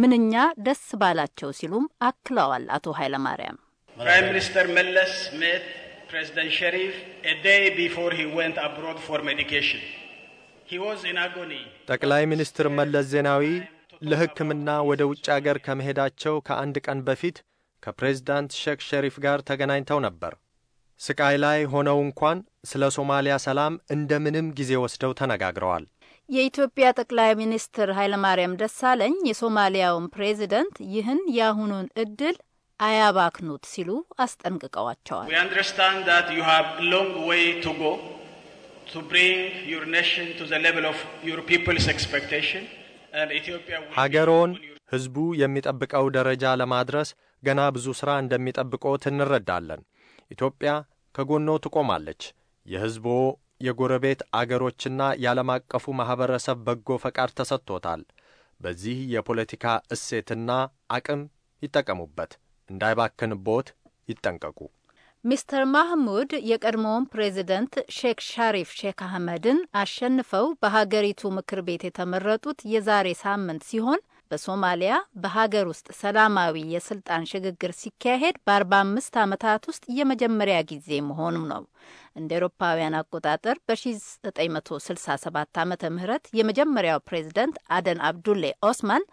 ምንኛ ደስ ባላቸው ሲሉም አክለዋል አቶ ኃይለማርያም። ፕራይም ሚኒስተር መለስ ሜት ፕሬዚደንት ሸሪፍ ኤ ዴይ ቢፎር ሂ ወንት አብሮድ ፎር ሜዲኬሽን ጠቅላይ ሚኒስትር መለስ ዜናዊ ለሕክምና ወደ ውጭ አገር ከመሄዳቸው ከአንድ ቀን በፊት ከፕሬዝዳንት ሼክ ሸሪፍ ጋር ተገናኝተው ነበር። ስቃይ ላይ ሆነው እንኳን ስለ ሶማሊያ ሰላም እንደምንም ጊዜ ወስደው ተነጋግረዋል። የኢትዮጵያ ጠቅላይ ሚኒስትር ኃይለማርያም ደሳለኝ የሶማሊያውን ፕሬዚደንት ይህን የአሁኑን እድል አያባክኑት ሲሉ አስጠንቅቀዋቸዋል። ሀገሮን ህዝቡ የሚጠብቀው ደረጃ ለማድረስ ገና ብዙ ሥራ እንደሚጠብቆት እንረዳለን። ኢትዮጵያ ከጎኖ ትቆማለች። የሕዝቦ የጎረቤት አገሮችና የዓለም አቀፉ ማኅበረሰብ በጎ ፈቃድ ተሰጥቶታል። በዚህ የፖለቲካ እሴትና አቅም ይጠቀሙበት። እንዳይባክንቦት ይጠንቀቁ። ሚስተር ማህሙድ የቀድሞውን ፕሬዚደንት ሼክ ሻሪፍ ሼክ አህመድን አሸንፈው በሀገሪቱ ምክር ቤት የተመረጡት የዛሬ ሳምንት ሲሆን በሶማሊያ በሀገር ውስጥ ሰላማዊ የስልጣን ሽግግር ሲካሄድ በ45 ዓመታት ውስጥ የመጀመሪያ ጊዜ መሆኑ ነው። እንደ ኤሮፓውያን አቆጣጠር በ1967 ዓ ም የመጀመሪያው ፕሬዚደንት አደን አብዱሌ ኦስማን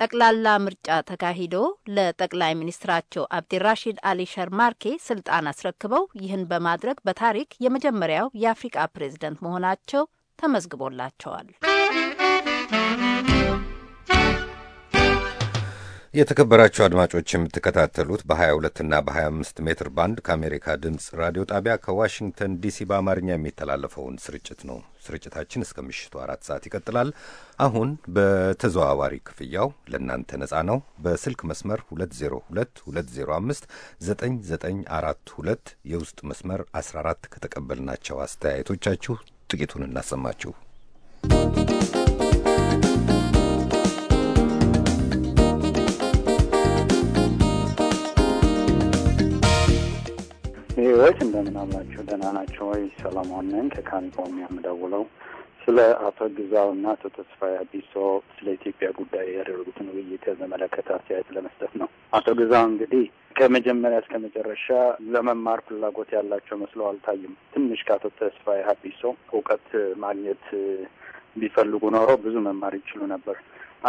ጠቅላላ ምርጫ ተካሂዶ ለጠቅላይ ሚኒስትራቸው አብዲራሺድ አሊ ሸርማርኬ ስልጣን አስረክበው ይህን በማድረግ በታሪክ የመጀመሪያው የአፍሪቃ ፕሬዝደንት መሆናቸው ተመዝግቦላቸዋል። የተከበራችሁ አድማጮች የምትከታተሉት በ22 እና በ25 ሜትር ባንድ ከአሜሪካ ድምፅ ራዲዮ ጣቢያ ከዋሽንግተን ዲሲ በአማርኛ የሚተላለፈውን ስርጭት ነው። ስርጭታችን እስከ ምሽቱ አራት ሰዓት ይቀጥላል። አሁን በተዘዋዋሪ ክፍያው ለእናንተ ነጻ ነው። በስልክ መስመር 2022059942 የውስጥ መስመር 14 ከተቀበልናቸው አስተያየቶቻችሁ ጥቂቱን እናሰማችሁ። ቪዎች እንደምን አላችሁ? ደህና ናቸው ወይ? ሰለሞን ነኝ ከካሊፎርኒ የምደውለው። ስለ አቶ ግዛው እና አቶ ተስፋዬ አቢሶ ስለ ኢትዮጵያ ጉዳይ ያደረጉትን ውይይት በተመለከተ አስተያየት ለመስጠት ነው። አቶ ግዛው እንግዲህ ከመጀመሪያ እስከ መጨረሻ ለመማር ፍላጎት ያላቸው መስለው አልታይም። ትንሽ ከአቶ ተስፋዬ አቢሶ እውቀት ማግኘት ቢፈልጉ ኖሮ ብዙ መማር ይችሉ ነበር።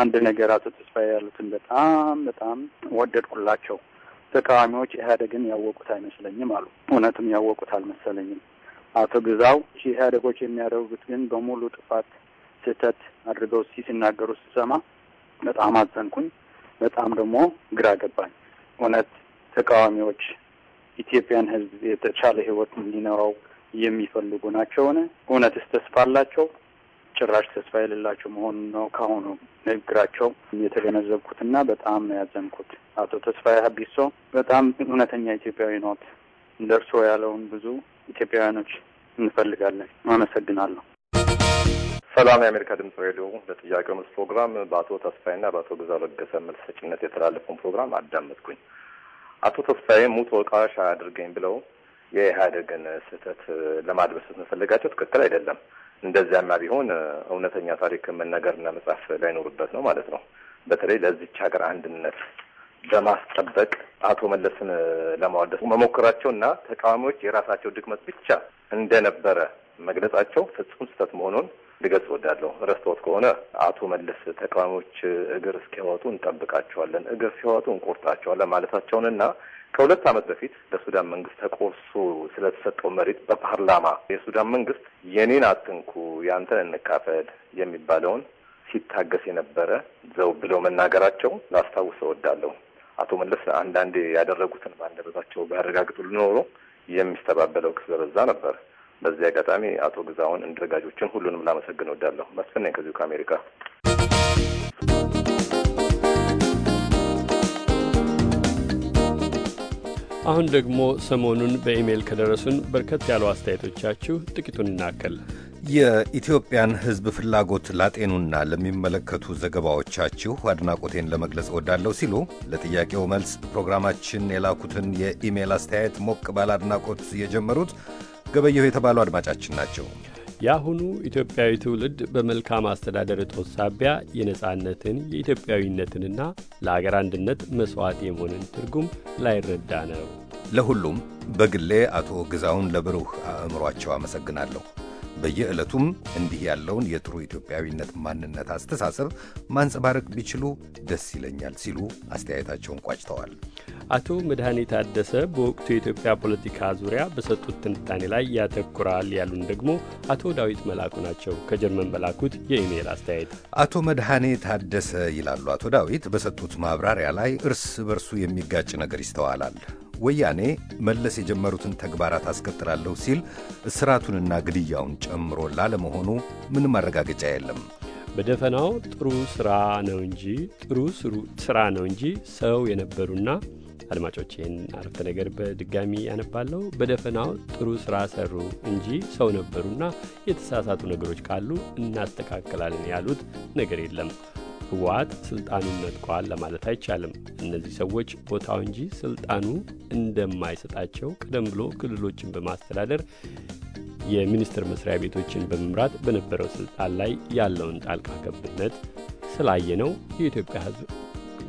አንድ ነገር አቶ ተስፋዬ ያሉትን በጣም በጣም ወደድኩላቸው። ተቃዋሚዎች ኢህአዴግን ያወቁት አይመስለኝም አሉ። እውነትም ያወቁት አልመሰለኝም። አቶ ግዛው ኢህአዴጎች የሚያደርጉት ግን በሙሉ ጥፋት፣ ስህተት አድርገው ሲናገሩ ስሰማ በጣም አዘንኩኝ። በጣም ደግሞ ግራ ገባኝ። እውነት ተቃዋሚዎች ኢትዮጵያን ህዝብ የተሻለ ህይወት እንዲኖረው የሚፈልጉ ናቸውን? እውነትስ ተስፋ አላቸው? ጭራሽ ተስፋ የሌላቸው መሆኑን ነው ከአሁኑ ንግግራቸው የተገነዘብኩትና በጣም ያዘንኩት። አቶ ተስፋዬ ሀቢሶ በጣም እውነተኛ ኢትዮጵያዊ ኖት። እንደ እርስዎ ያለውን ብዙ ኢትዮጵያውያኖች እንፈልጋለን። አመሰግናለሁ። ሰላም፣ የአሜሪካ ድምጽ ሬዲዮ ለጥያቄው መልስ ፕሮግራም በአቶ ተስፋዬና በአቶ ግዛው ለገሰ መልስ ሰጭነት የተላለፈውን ፕሮግራም አዳመጥኩኝ። አቶ ተስፋዬ ሙት ወቃሽ አያድርገኝ ብለው የኢህአዴግን ስህተት ለማድበስ መፈለጋቸው ትክክል አይደለም። እንደዚያማ ቢሆን እውነተኛ ታሪክ መነገርና መጻፍ ላይኖርበት ነው ማለት ነው። በተለይ ለዚች ሀገር አንድነት በማስጠበቅ አቶ መለስን ለማወደስ መሞከራቸውና ተቃዋሚዎች የራሳቸው ድክመት ብቻ እንደነበረ መግለጻቸው ፍጹም ስህተት መሆኑን ልገጽ እወዳለሁ። ረስተወት ከሆነ አቶ መለስ ተቃዋሚዎች እግር እስኪያወጡ እንጠብቃቸዋለን፣ እግር ሲያወጡ እንቆርጣቸዋለን ማለታቸውንና ከሁለት ዓመት በፊት ለሱዳን መንግስት ተቆርሶ ስለተሰጠው መሬት በፓርላማ የሱዳን መንግስት የኔን አትንኩ ያንተን እንካፈል የሚባለውን ሲታገስ የነበረ ዘው ብለው መናገራቸው ላስታውሰ ወዳለሁ። አቶ መለስ አንዳንዴ ያደረጉትን በአንደበታቸው ቢያረጋግጡል ኖሮ የሚስተባበለው ክስ በበዛ ነበር። በዚህ አጋጣሚ አቶ ግዛውን እንደረጋጆችን ሁሉንም ላመሰግን ወዳለሁ። መስፍን ነኝ ከዚሁ ከአሜሪካ አሁን ደግሞ ሰሞኑን በኢሜይል ከደረሱን በርከት ያሉ አስተያየቶቻችሁ ጥቂቱን እናከል። የኢትዮጵያን ሕዝብ ፍላጎት ላጤኑና ለሚመለከቱ ዘገባዎቻችሁ አድናቆቴን ለመግለጽ እወዳለሁ ሲሉ ለጥያቄው መልስ ፕሮግራማችን የላኩትን የኢሜይል አስተያየት ሞቅ ባለ አድናቆት የጀመሩት ገበየሁ የተባሉ አድማጫችን ናቸው። የአሁኑ ኢትዮጵያዊ ትውልድ በመልካም አስተዳደር እጦት ሳቢያ የነጻነትን የኢትዮጵያዊነትንና ለአገር አንድነት መሥዋዕት የመሆንን ትርጉም ላይረዳ ነው። ለሁሉም በግሌ አቶ ግዛውን ለብሩህ አእምሯቸው አመሰግናለሁ። በየዕለቱም እንዲህ ያለውን የጥሩ ኢትዮጵያዊነት ማንነት አስተሳሰብ ማንጸባረቅ ቢችሉ ደስ ይለኛል ሲሉ አስተያየታቸውን ቋጭተዋል። አቶ መድኃኔ ታደሰ በወቅቱ የኢትዮጵያ ፖለቲካ ዙሪያ በሰጡት ትንታኔ ላይ ያተኩራል ያሉን ደግሞ አቶ ዳዊት መላኩ ናቸው። ከጀርመን በላኩት የኢሜይል አስተያየት አቶ መድኃኔ ታደሰ ይላሉ አቶ ዳዊት በሰጡት ማብራሪያ ላይ እርስ በርሱ የሚጋጭ ነገር ይስተዋላል። ወያኔ መለስ የጀመሩትን ተግባራት አስቀጥላለሁ ሲል እስራቱንና ግድያውን ጨምሮ ላለመሆኑ ምንም ማረጋገጫ የለም። በደፈናው ጥሩ ስራ ነው እንጂ ጥሩ ስራ ነው እንጂ ሰው የነበሩና አድማጮች ይህን አረፍተ ነገር በድጋሚ ያነባለሁ። በደፈናው ጥሩ ስራ ሰሩ እንጂ ሰው ነበሩና የተሳሳቱ ነገሮች ካሉ እናስተካከላለን ያሉት ነገር የለም። ህወሓት ስልጣኑን ነጥቋል ለማለት አይቻልም። እነዚህ ሰዎች ቦታው እንጂ ስልጣኑ እንደማይሰጣቸው ቀደም ብሎ ክልሎችን በማስተዳደር የሚኒስቴር መስሪያ ቤቶችን በመምራት በነበረው ስልጣን ላይ ያለውን ጣልቃ ገብነት ስላየ ነው የኢትዮጵያ ህዝብ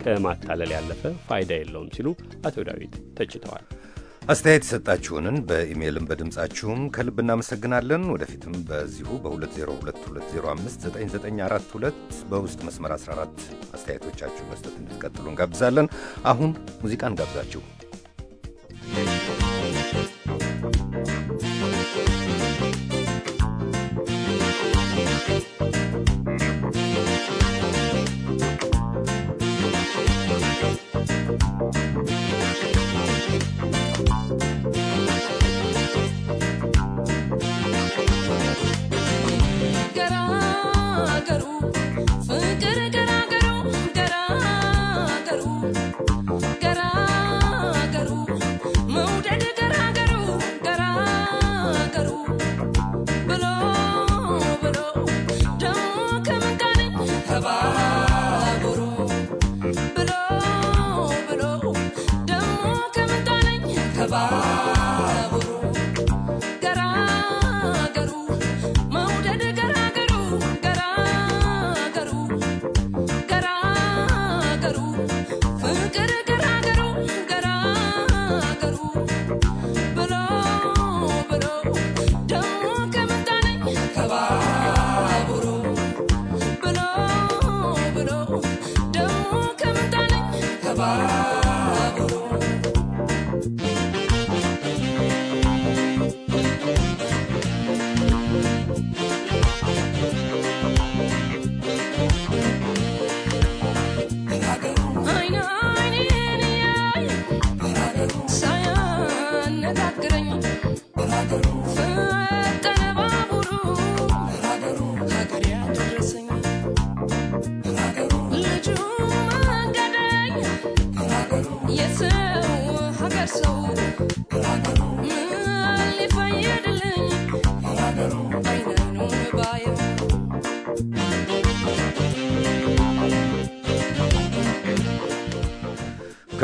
ከማታለል ያለፈ ፋይዳ የለውም ሲሉ አቶ ዳዊት ተችተዋል። አስተያየት የሰጣችሁንን በኢሜይልም በድምፃችሁም ከልብ እናመሰግናለን። ወደፊትም በዚሁ በ2022059942 በውስጥ መስመር 14 አስተያየቶቻችሁ መስጠት እንድትቀጥሉ እንጋብዛለን። አሁን ሙዚቃ እንጋብዛችሁ።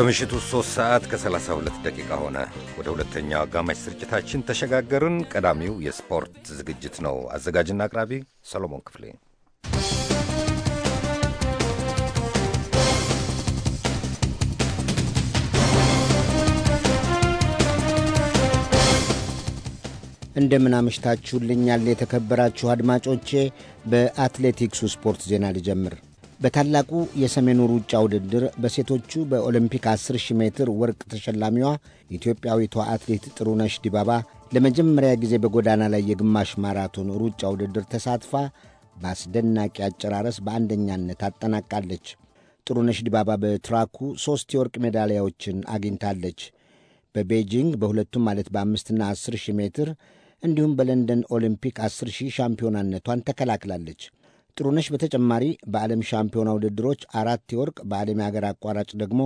ከምሽቱ 3 ሰዓት ከ32 ደቂቃ ሆነ። ወደ ሁለተኛው አጋማሽ ስርጭታችን ተሸጋገርን። ቀዳሚው የስፖርት ዝግጅት ነው። አዘጋጅና አቅራቢ ሰሎሞን ክፍሌ። እንደምን አምሽታችሁልኛል የተከበራችሁ አድማጮቼ። በአትሌቲክሱ ስፖርት ዜና ልጀምር። በታላቁ የሰሜኑ ሩጫ ውድድር በሴቶቹ በኦሎምፒክ 10,000 ሜትር ወርቅ ተሸላሚዋ ኢትዮጵያዊቷ አትሌት ጥሩነሽ ዲባባ ለመጀመሪያ ጊዜ በጎዳና ላይ የግማሽ ማራቶን ሩጫ ውድድር ተሳትፋ በአስደናቂ አጨራረስ በአንደኛነት አጠናቃለች። ጥሩነሽ ዲባባ በትራኩ ሦስት የወርቅ ሜዳሊያዎችን አግኝታለች። በቤጂንግ በሁለቱም ማለት በአምስትና አስር ሺህ ሜትር እንዲሁም በለንደን ኦሊምፒክ አስር ሺህ ሻምፒዮናነቷን ተከላክላለች። ጥሩነሽ በተጨማሪ በዓለም ሻምፒዮና ውድድሮች አራት የወርቅ በዓለም የአገር አቋራጭ ደግሞ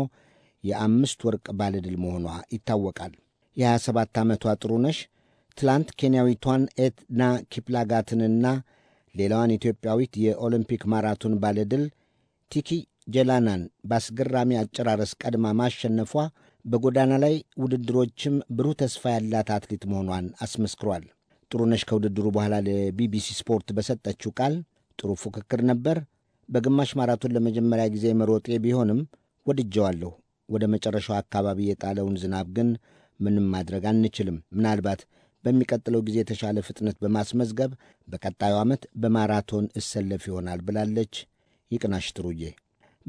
የአምስት ወርቅ ባለድል መሆኗ ይታወቃል። የ27 ዓመቷ ጥሩነሽ ትላንት ኬንያዊቷን ኤትና ኪፕላጋትንና ሌላዋን ኢትዮጵያዊት የኦሎምፒክ ማራቶን ባለድል ቲኪ ጀላናን በአስገራሚ አጨራረስ ቀድማ ማሸነፏ በጎዳና ላይ ውድድሮችም ብሩህ ተስፋ ያላት አትሌት መሆኗን አስመስክሯል። ጥሩነሽ ከውድድሩ በኋላ ለቢቢሲ ስፖርት በሰጠችው ቃል ጥሩ ፉክክር ነበር። በግማሽ ማራቶን ለመጀመሪያ ጊዜ መሮጤ ቢሆንም ወድጀዋለሁ። ወደ መጨረሻው አካባቢ የጣለውን ዝናብ ግን ምንም ማድረግ አንችልም። ምናልባት በሚቀጥለው ጊዜ የተሻለ ፍጥነት በማስመዝገብ በቀጣዩ ዓመት በማራቶን እሰለፍ ይሆናል ብላለች ይቅናሽ ትሩዬ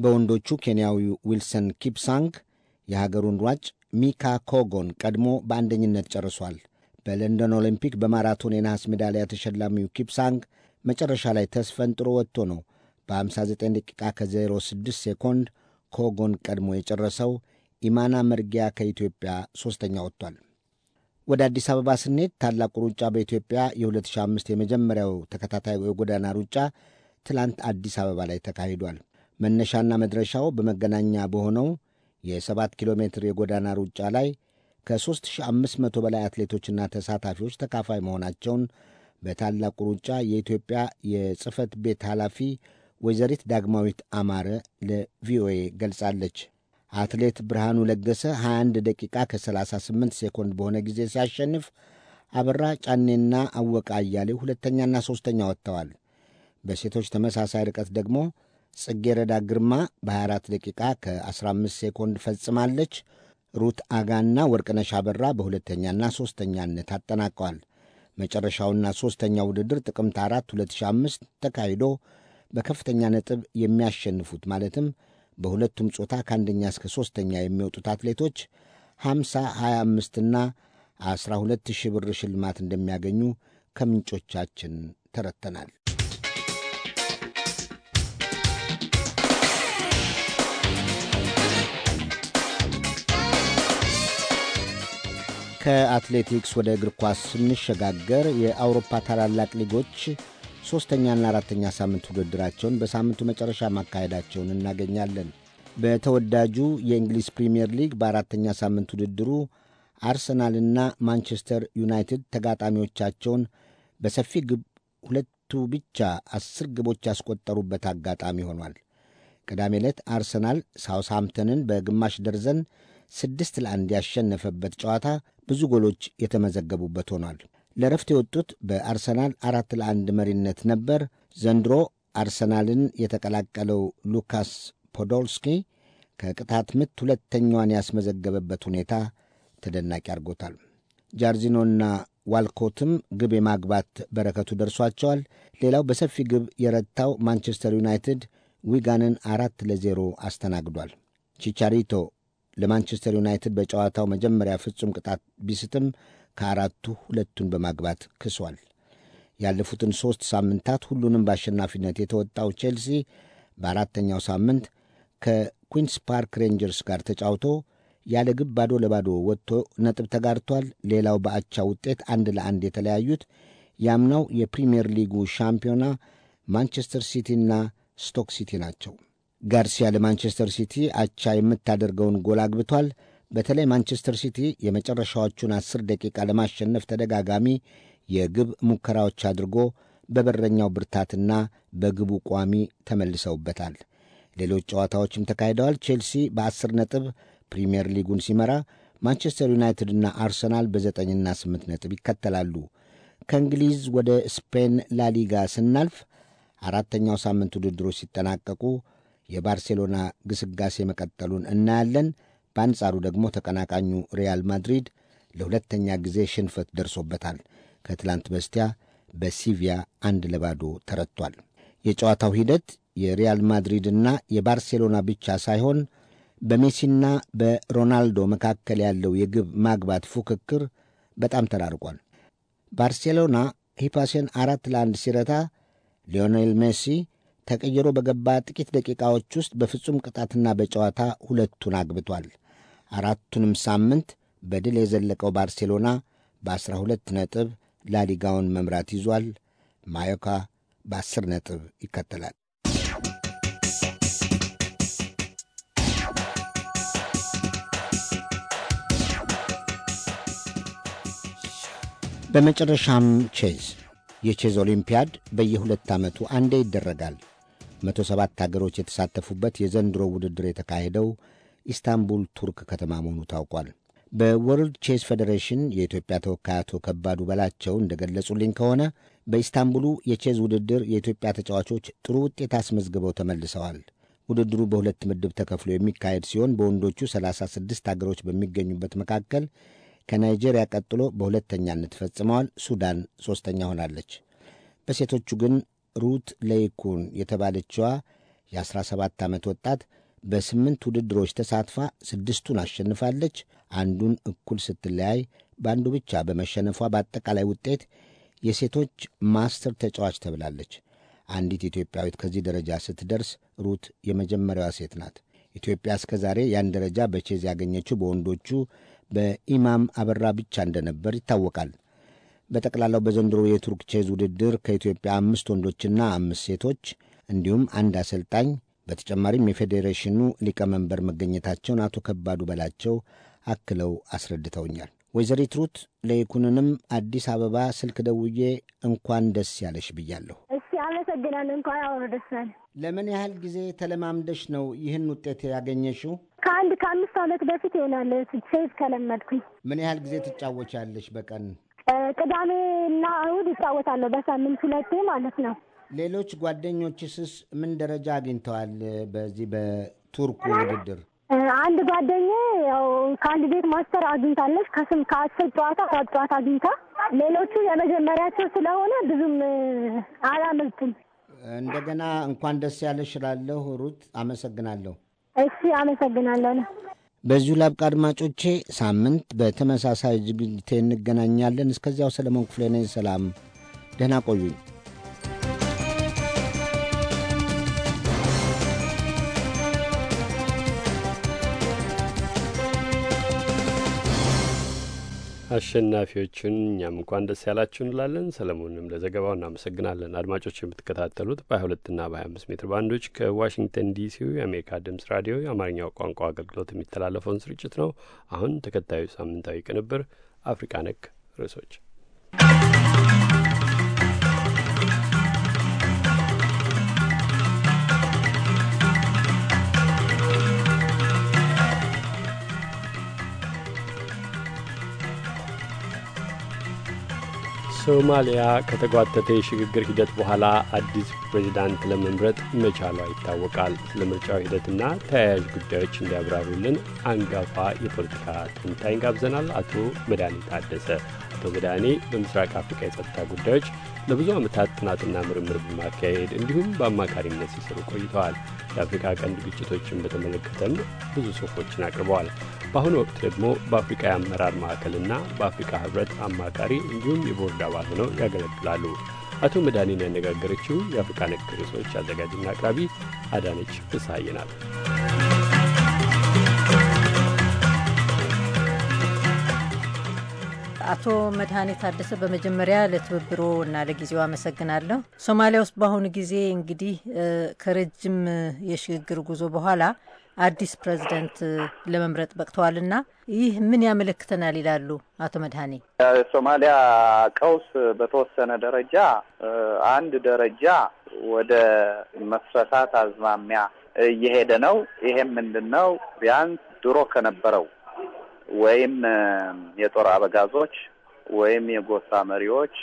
በወንዶቹ ኬንያዊው ዊልሰን ኪፕሳንግ የሀገሩን ሯጭ ሚካ ኮጎን ቀድሞ በአንደኝነት ጨርሷል። በለንደን ኦሊምፒክ በማራቶን የነሐስ ሜዳሊያ ተሸላሚው ኪፕሳንግ መጨረሻ ላይ ተስፈንጥሮ ወጥቶ ነው በ59 ደቂቃ ከ06 ሴኮንድ ኮጎን ቀድሞ የጨረሰው። ኢማና መርጊያ ከኢትዮጵያ ሦስተኛ ወጥቷል። ወደ አዲስ አበባ ስኔት ታላቁ ሩጫ በኢትዮጵያ የ2005 የመጀመሪያው ተከታታይ የጎዳና ሩጫ ትላንት አዲስ አበባ ላይ ተካሂዷል። መነሻና መድረሻው በመገናኛ በሆነው የ7 ኪሎ ሜትር የጎዳና ሩጫ ላይ ከ3500 በላይ አትሌቶችና ተሳታፊዎች ተካፋይ መሆናቸውን በታላቁ ሩጫ የኢትዮጵያ የጽህፈት ቤት ኃላፊ ወይዘሪት ዳግማዊት አማረ ለቪኦኤ ገልጻለች። አትሌት ብርሃኑ ለገሰ 21 ደቂቃ ከ38 ሴኮንድ በሆነ ጊዜ ሲያሸንፍ አበራ ጫኔና አወቀ አያሌው ሁለተኛና ሦስተኛ ወጥተዋል። በሴቶች ተመሳሳይ ርቀት ደግሞ ጽጌረዳ ግርማ በ24 ደቂቃ ከ15 ሴኮንድ ፈጽማለች። ሩት አጋና ወርቅነሽ አበራ በሁለተኛና ሦስተኛነት አጠናቀዋል። መጨረሻውና ሦስተኛ ውድድር ጥቅምት 4 2005 ተካሂዶ በከፍተኛ ነጥብ የሚያሸንፉት ማለትም በሁለቱም ጾታ ከአንደኛ እስከ ሦስተኛ የሚወጡት አትሌቶች 50 25ና 12 ሺህ ብር ሽልማት እንደሚያገኙ ከምንጮቻችን ተረተናል። ከአትሌቲክስ ወደ እግር ኳስ ስንሸጋገር የአውሮፓ ታላላቅ ሊጎች ሦስተኛና አራተኛ ሳምንት ውድድራቸውን በሳምንቱ መጨረሻ ማካሄዳቸውን እናገኛለን። በተወዳጁ የእንግሊዝ ፕሪምየር ሊግ በአራተኛ ሳምንት ውድድሩ አርሰናልና ማንቸስተር ዩናይትድ ተጋጣሚዎቻቸውን በሰፊ ግብ ሁለቱ ብቻ አስር ግቦች ያስቆጠሩበት አጋጣሚ ሆኗል። ቅዳሜ ዕለት አርሰናል ሳውስሃምፕተንን በግማሽ ደርዘን ስድስት ለአንድ ያሸነፈበት ጨዋታ ብዙ ጎሎች የተመዘገቡበት ሆኗል። ለረፍት የወጡት በአርሰናል አራት ለአንድ መሪነት ነበር። ዘንድሮ አርሰናልን የተቀላቀለው ሉካስ ፖዶልስኪ ከቅጣት ምት ሁለተኛዋን ያስመዘገበበት ሁኔታ ተደናቂ አድርጎታል። ጃርዚኖና ዋልኮትም ግብ የማግባት በረከቱ ደርሷቸዋል። ሌላው በሰፊ ግብ የረታው ማንቸስተር ዩናይትድ ዊጋንን አራት ለዜሮ አስተናግዷል። ቺቻሪቶ ለማንቸስተር ዩናይትድ በጨዋታው መጀመሪያ ፍጹም ቅጣት ቢስትም ከአራቱ ሁለቱን በማግባት ክሷል። ያለፉትን ሦስት ሳምንታት ሁሉንም በአሸናፊነት የተወጣው ቼልሲ በአራተኛው ሳምንት ከኩንስ ፓርክ ሬንጀርስ ጋር ተጫውቶ ያለ ግብ ባዶ ለባዶ ወጥቶ ነጥብ ተጋርቷል። ሌላው በአቻ ውጤት አንድ ለአንድ የተለያዩት ያምናው የፕሪምየር ሊጉ ሻምፒዮና ማንቸስተር ሲቲና ስቶክ ሲቲ ናቸው። ጋርሲያ ለማንቸስተር ሲቲ አቻ የምታደርገውን ጎል አግብቷል። በተለይ ማንቸስተር ሲቲ የመጨረሻዎቹን አስር ደቂቃ ለማሸነፍ ተደጋጋሚ የግብ ሙከራዎች አድርጎ በበረኛው ብርታትና በግቡ ቋሚ ተመልሰውበታል። ሌሎች ጨዋታዎችም ተካሂደዋል። ቼልሲ በአስር ነጥብ ፕሪምየር ሊጉን ሲመራ ማንቸስተር ዩናይትድና አርሰናል በዘጠኝና ስምንት ነጥብ ይከተላሉ። ከእንግሊዝ ወደ ስፔን ላሊጋ ስናልፍ አራተኛው ሳምንት ውድድሮች ሲጠናቀቁ የባርሴሎና ግስጋሴ መቀጠሉን እናያለን። በአንጻሩ ደግሞ ተቀናቃኙ ሪያል ማድሪድ ለሁለተኛ ጊዜ ሽንፈት ደርሶበታል። ከትላንት በስቲያ በሲቪያ አንድ ለባዶ ተረቷል። የጨዋታው ሂደት የሪያል ማድሪድና የባርሴሎና ብቻ ሳይሆን በሜሲና በሮናልዶ መካከል ያለው የግብ ማግባት ፉክክር በጣም ተራርቋል። ባርሴሎና ሂፓሴን አራት ለአንድ ሲረታ ሊዮኔል ሜሲ ተቀይሮ በገባ ጥቂት ደቂቃዎች ውስጥ በፍጹም ቅጣትና በጨዋታ ሁለቱን አግብቷል። አራቱንም ሳምንት በድል የዘለቀው ባርሴሎና በ12 ነጥብ ላሊጋውን መምራት ይዟል። ማዮካ በ10 ነጥብ ይከተላል። በመጨረሻም ቼዝ የቼዝ ኦሊምፒያድ በየሁለት ዓመቱ አንዴ ይደረጋል። መቶ ሰባት ሀገሮች የተሳተፉበት የዘንድሮ ውድድር የተካሄደው ኢስታንቡል ቱርክ ከተማ መሆኑ ታውቋል። በወርልድ ቼስ ፌዴሬሽን የኢትዮጵያ ተወካይ አቶ ከባዱ በላቸው እንደገለጹልኝ ከሆነ በኢስታንቡሉ የቼዝ ውድድር የኢትዮጵያ ተጫዋቾች ጥሩ ውጤት አስመዝግበው ተመልሰዋል። ውድድሩ በሁለት ምድብ ተከፍሎ የሚካሄድ ሲሆን በወንዶቹ 36 ሀገሮች በሚገኙበት መካከል ከናይጄሪያ ቀጥሎ በሁለተኛነት ፈጽመዋል። ሱዳን ሦስተኛ ሆናለች። በሴቶቹ ግን ሩት ለይኩን የተባለችዋ የ17 ዓመት ወጣት በስምንት ውድድሮች ተሳትፋ ስድስቱን አሸንፋለች። አንዱን እኩል ስትለያይ በአንዱ ብቻ በመሸነፏ በአጠቃላይ ውጤት የሴቶች ማስተር ተጫዋች ተብላለች። አንዲት ኢትዮጵያዊት ከዚህ ደረጃ ስትደርስ ሩት የመጀመሪያዋ ሴት ናት። ኢትዮጵያ እስከ ዛሬ ያን ደረጃ በቼዝ ያገኘችው በወንዶቹ በኢማም አበራ ብቻ እንደነበር ይታወቃል። በጠቅላላው በዘንድሮ የቱርክ ቼዝ ውድድር ከኢትዮጵያ አምስት ወንዶችና አምስት ሴቶች እንዲሁም አንድ አሰልጣኝ በተጨማሪም የፌዴሬሽኑ ሊቀመንበር መገኘታቸውን አቶ ከባዱ በላቸው አክለው አስረድተውኛል። ወይዘሪት ሩት ለይኩንንም አዲስ አበባ ስልክ ደውዬ እንኳን ደስ ያለሽ ብያለሁ። እስቲ አመሰግናል። እንኳን አሁኑ ደስ ለምን ያህል ጊዜ ተለማምደሽ ነው ይህን ውጤት ያገኘሽው? ከአንድ ከአምስት ዓመት በፊት ይሆናል ቼዝ ከለመድኩኝ። ምን ያህል ጊዜ ትጫወቻለሽ በቀን? ቅዳሜና እሁድ እጫወታለሁ በሳምንት ሁለቴ ማለት ነው። ሌሎች ጓደኞችስስ ምን ደረጃ አግኝተዋል? በዚህ በቱርኩ ውድድር አንድ ጓደኛ ያው ካንዲዴት ማስተር አግኝታለች። ከስም ከአስር ጨዋታ አራት ጨዋታ አግኝታ፣ ሌሎቹ የመጀመሪያቸው ስለሆነ ብዙም አላመልጡም። እንደገና እንኳን ደስ ያለሽ እላለሁ ሩት። አመሰግናለሁ። እሺ አመሰግናለሁ። በዚሁ ላብቃ። አድማጮቼ ሳምንት በተመሳሳይ ዝግጅቴ እንገናኛለን። እስከዚያው ሰለሞን ክፍሌ ነኝ። ሰላም፣ ደህና ቆዩኝ። አሸናፊዎቹን እኛም እንኳን ደስ ያላችሁ እንላለን። ሰለሞንም ለዘገባው እናመሰግናለን። አድማጮች የምትከታተሉት በ22ና በ25 ሜትር ባንዶች ከዋሽንግተን ዲሲው የአሜሪካ ድምጽ ራዲዮ የአማርኛው ቋንቋ አገልግሎት የሚተላለፈውን ስርጭት ነው። አሁን ተከታዩ ሳምንታዊ ቅንብር አፍሪቃ ነክ ርዕሶች ሶማሊያ ከተጓተተ የሽግግር ሂደት በኋላ አዲስ ፕሬዚዳንት ለመምረጥ መቻሏ ይታወቃል። ስለ ምርጫው ሂደትና ተያያዥ ጉዳዮች እንዲያብራሩልን አንጋፋ የፖለቲካ ተንታኝ ጋብዘናል። አቶ መድኃኔ ታደሰ። አቶ መድኃኔ በምስራቅ አፍሪካ የጸጥታ ጉዳዮች ለብዙ ዓመታት ጥናትና ምርምር በማካሄድ እንዲሁም በአማካሪነት ሲሰሩ ቆይተዋል። የአፍሪካ ቀንድ ግጭቶችን በተመለከተም ብዙ ጽሑፎችን አቅርበዋል። በአሁኑ ወቅት ደግሞ በአፍሪቃ የአመራር ማዕከልና በአፍሪካ ህብረት አማካሪ እንዲሁም የቦርድ አባል ሆነው ያገለግላሉ። አቶ መድኃኒን ያነጋገረችው የአፍሪካ ነክ ርዕሶች አዘጋጅና አቅራቢ አዳነች ፍስሐዬ ናት። አቶ መድኃኔ ታደሰ በመጀመሪያ ለትብብሮ እና ለጊዜው አመሰግናለሁ። ሶማሊያ ውስጥ በአሁኑ ጊዜ እንግዲህ ከረጅም የሽግግር ጉዞ በኋላ አዲስ ፕሬዚደንት ለመምረጥ በቅተዋልና ይህ ምን ያመለክተናል ይላሉ አቶ መድኃኔ። የሶማሊያ ቀውስ በተወሰነ ደረጃ አንድ ደረጃ ወደ መፍረሳት አዝማሚያ እየሄደ ነው። ይሄም ምንድን ነው? ቢያንስ ድሮ ከነበረው ወይም የጦር አበጋዞች ወይም የጎሳ መሪዎች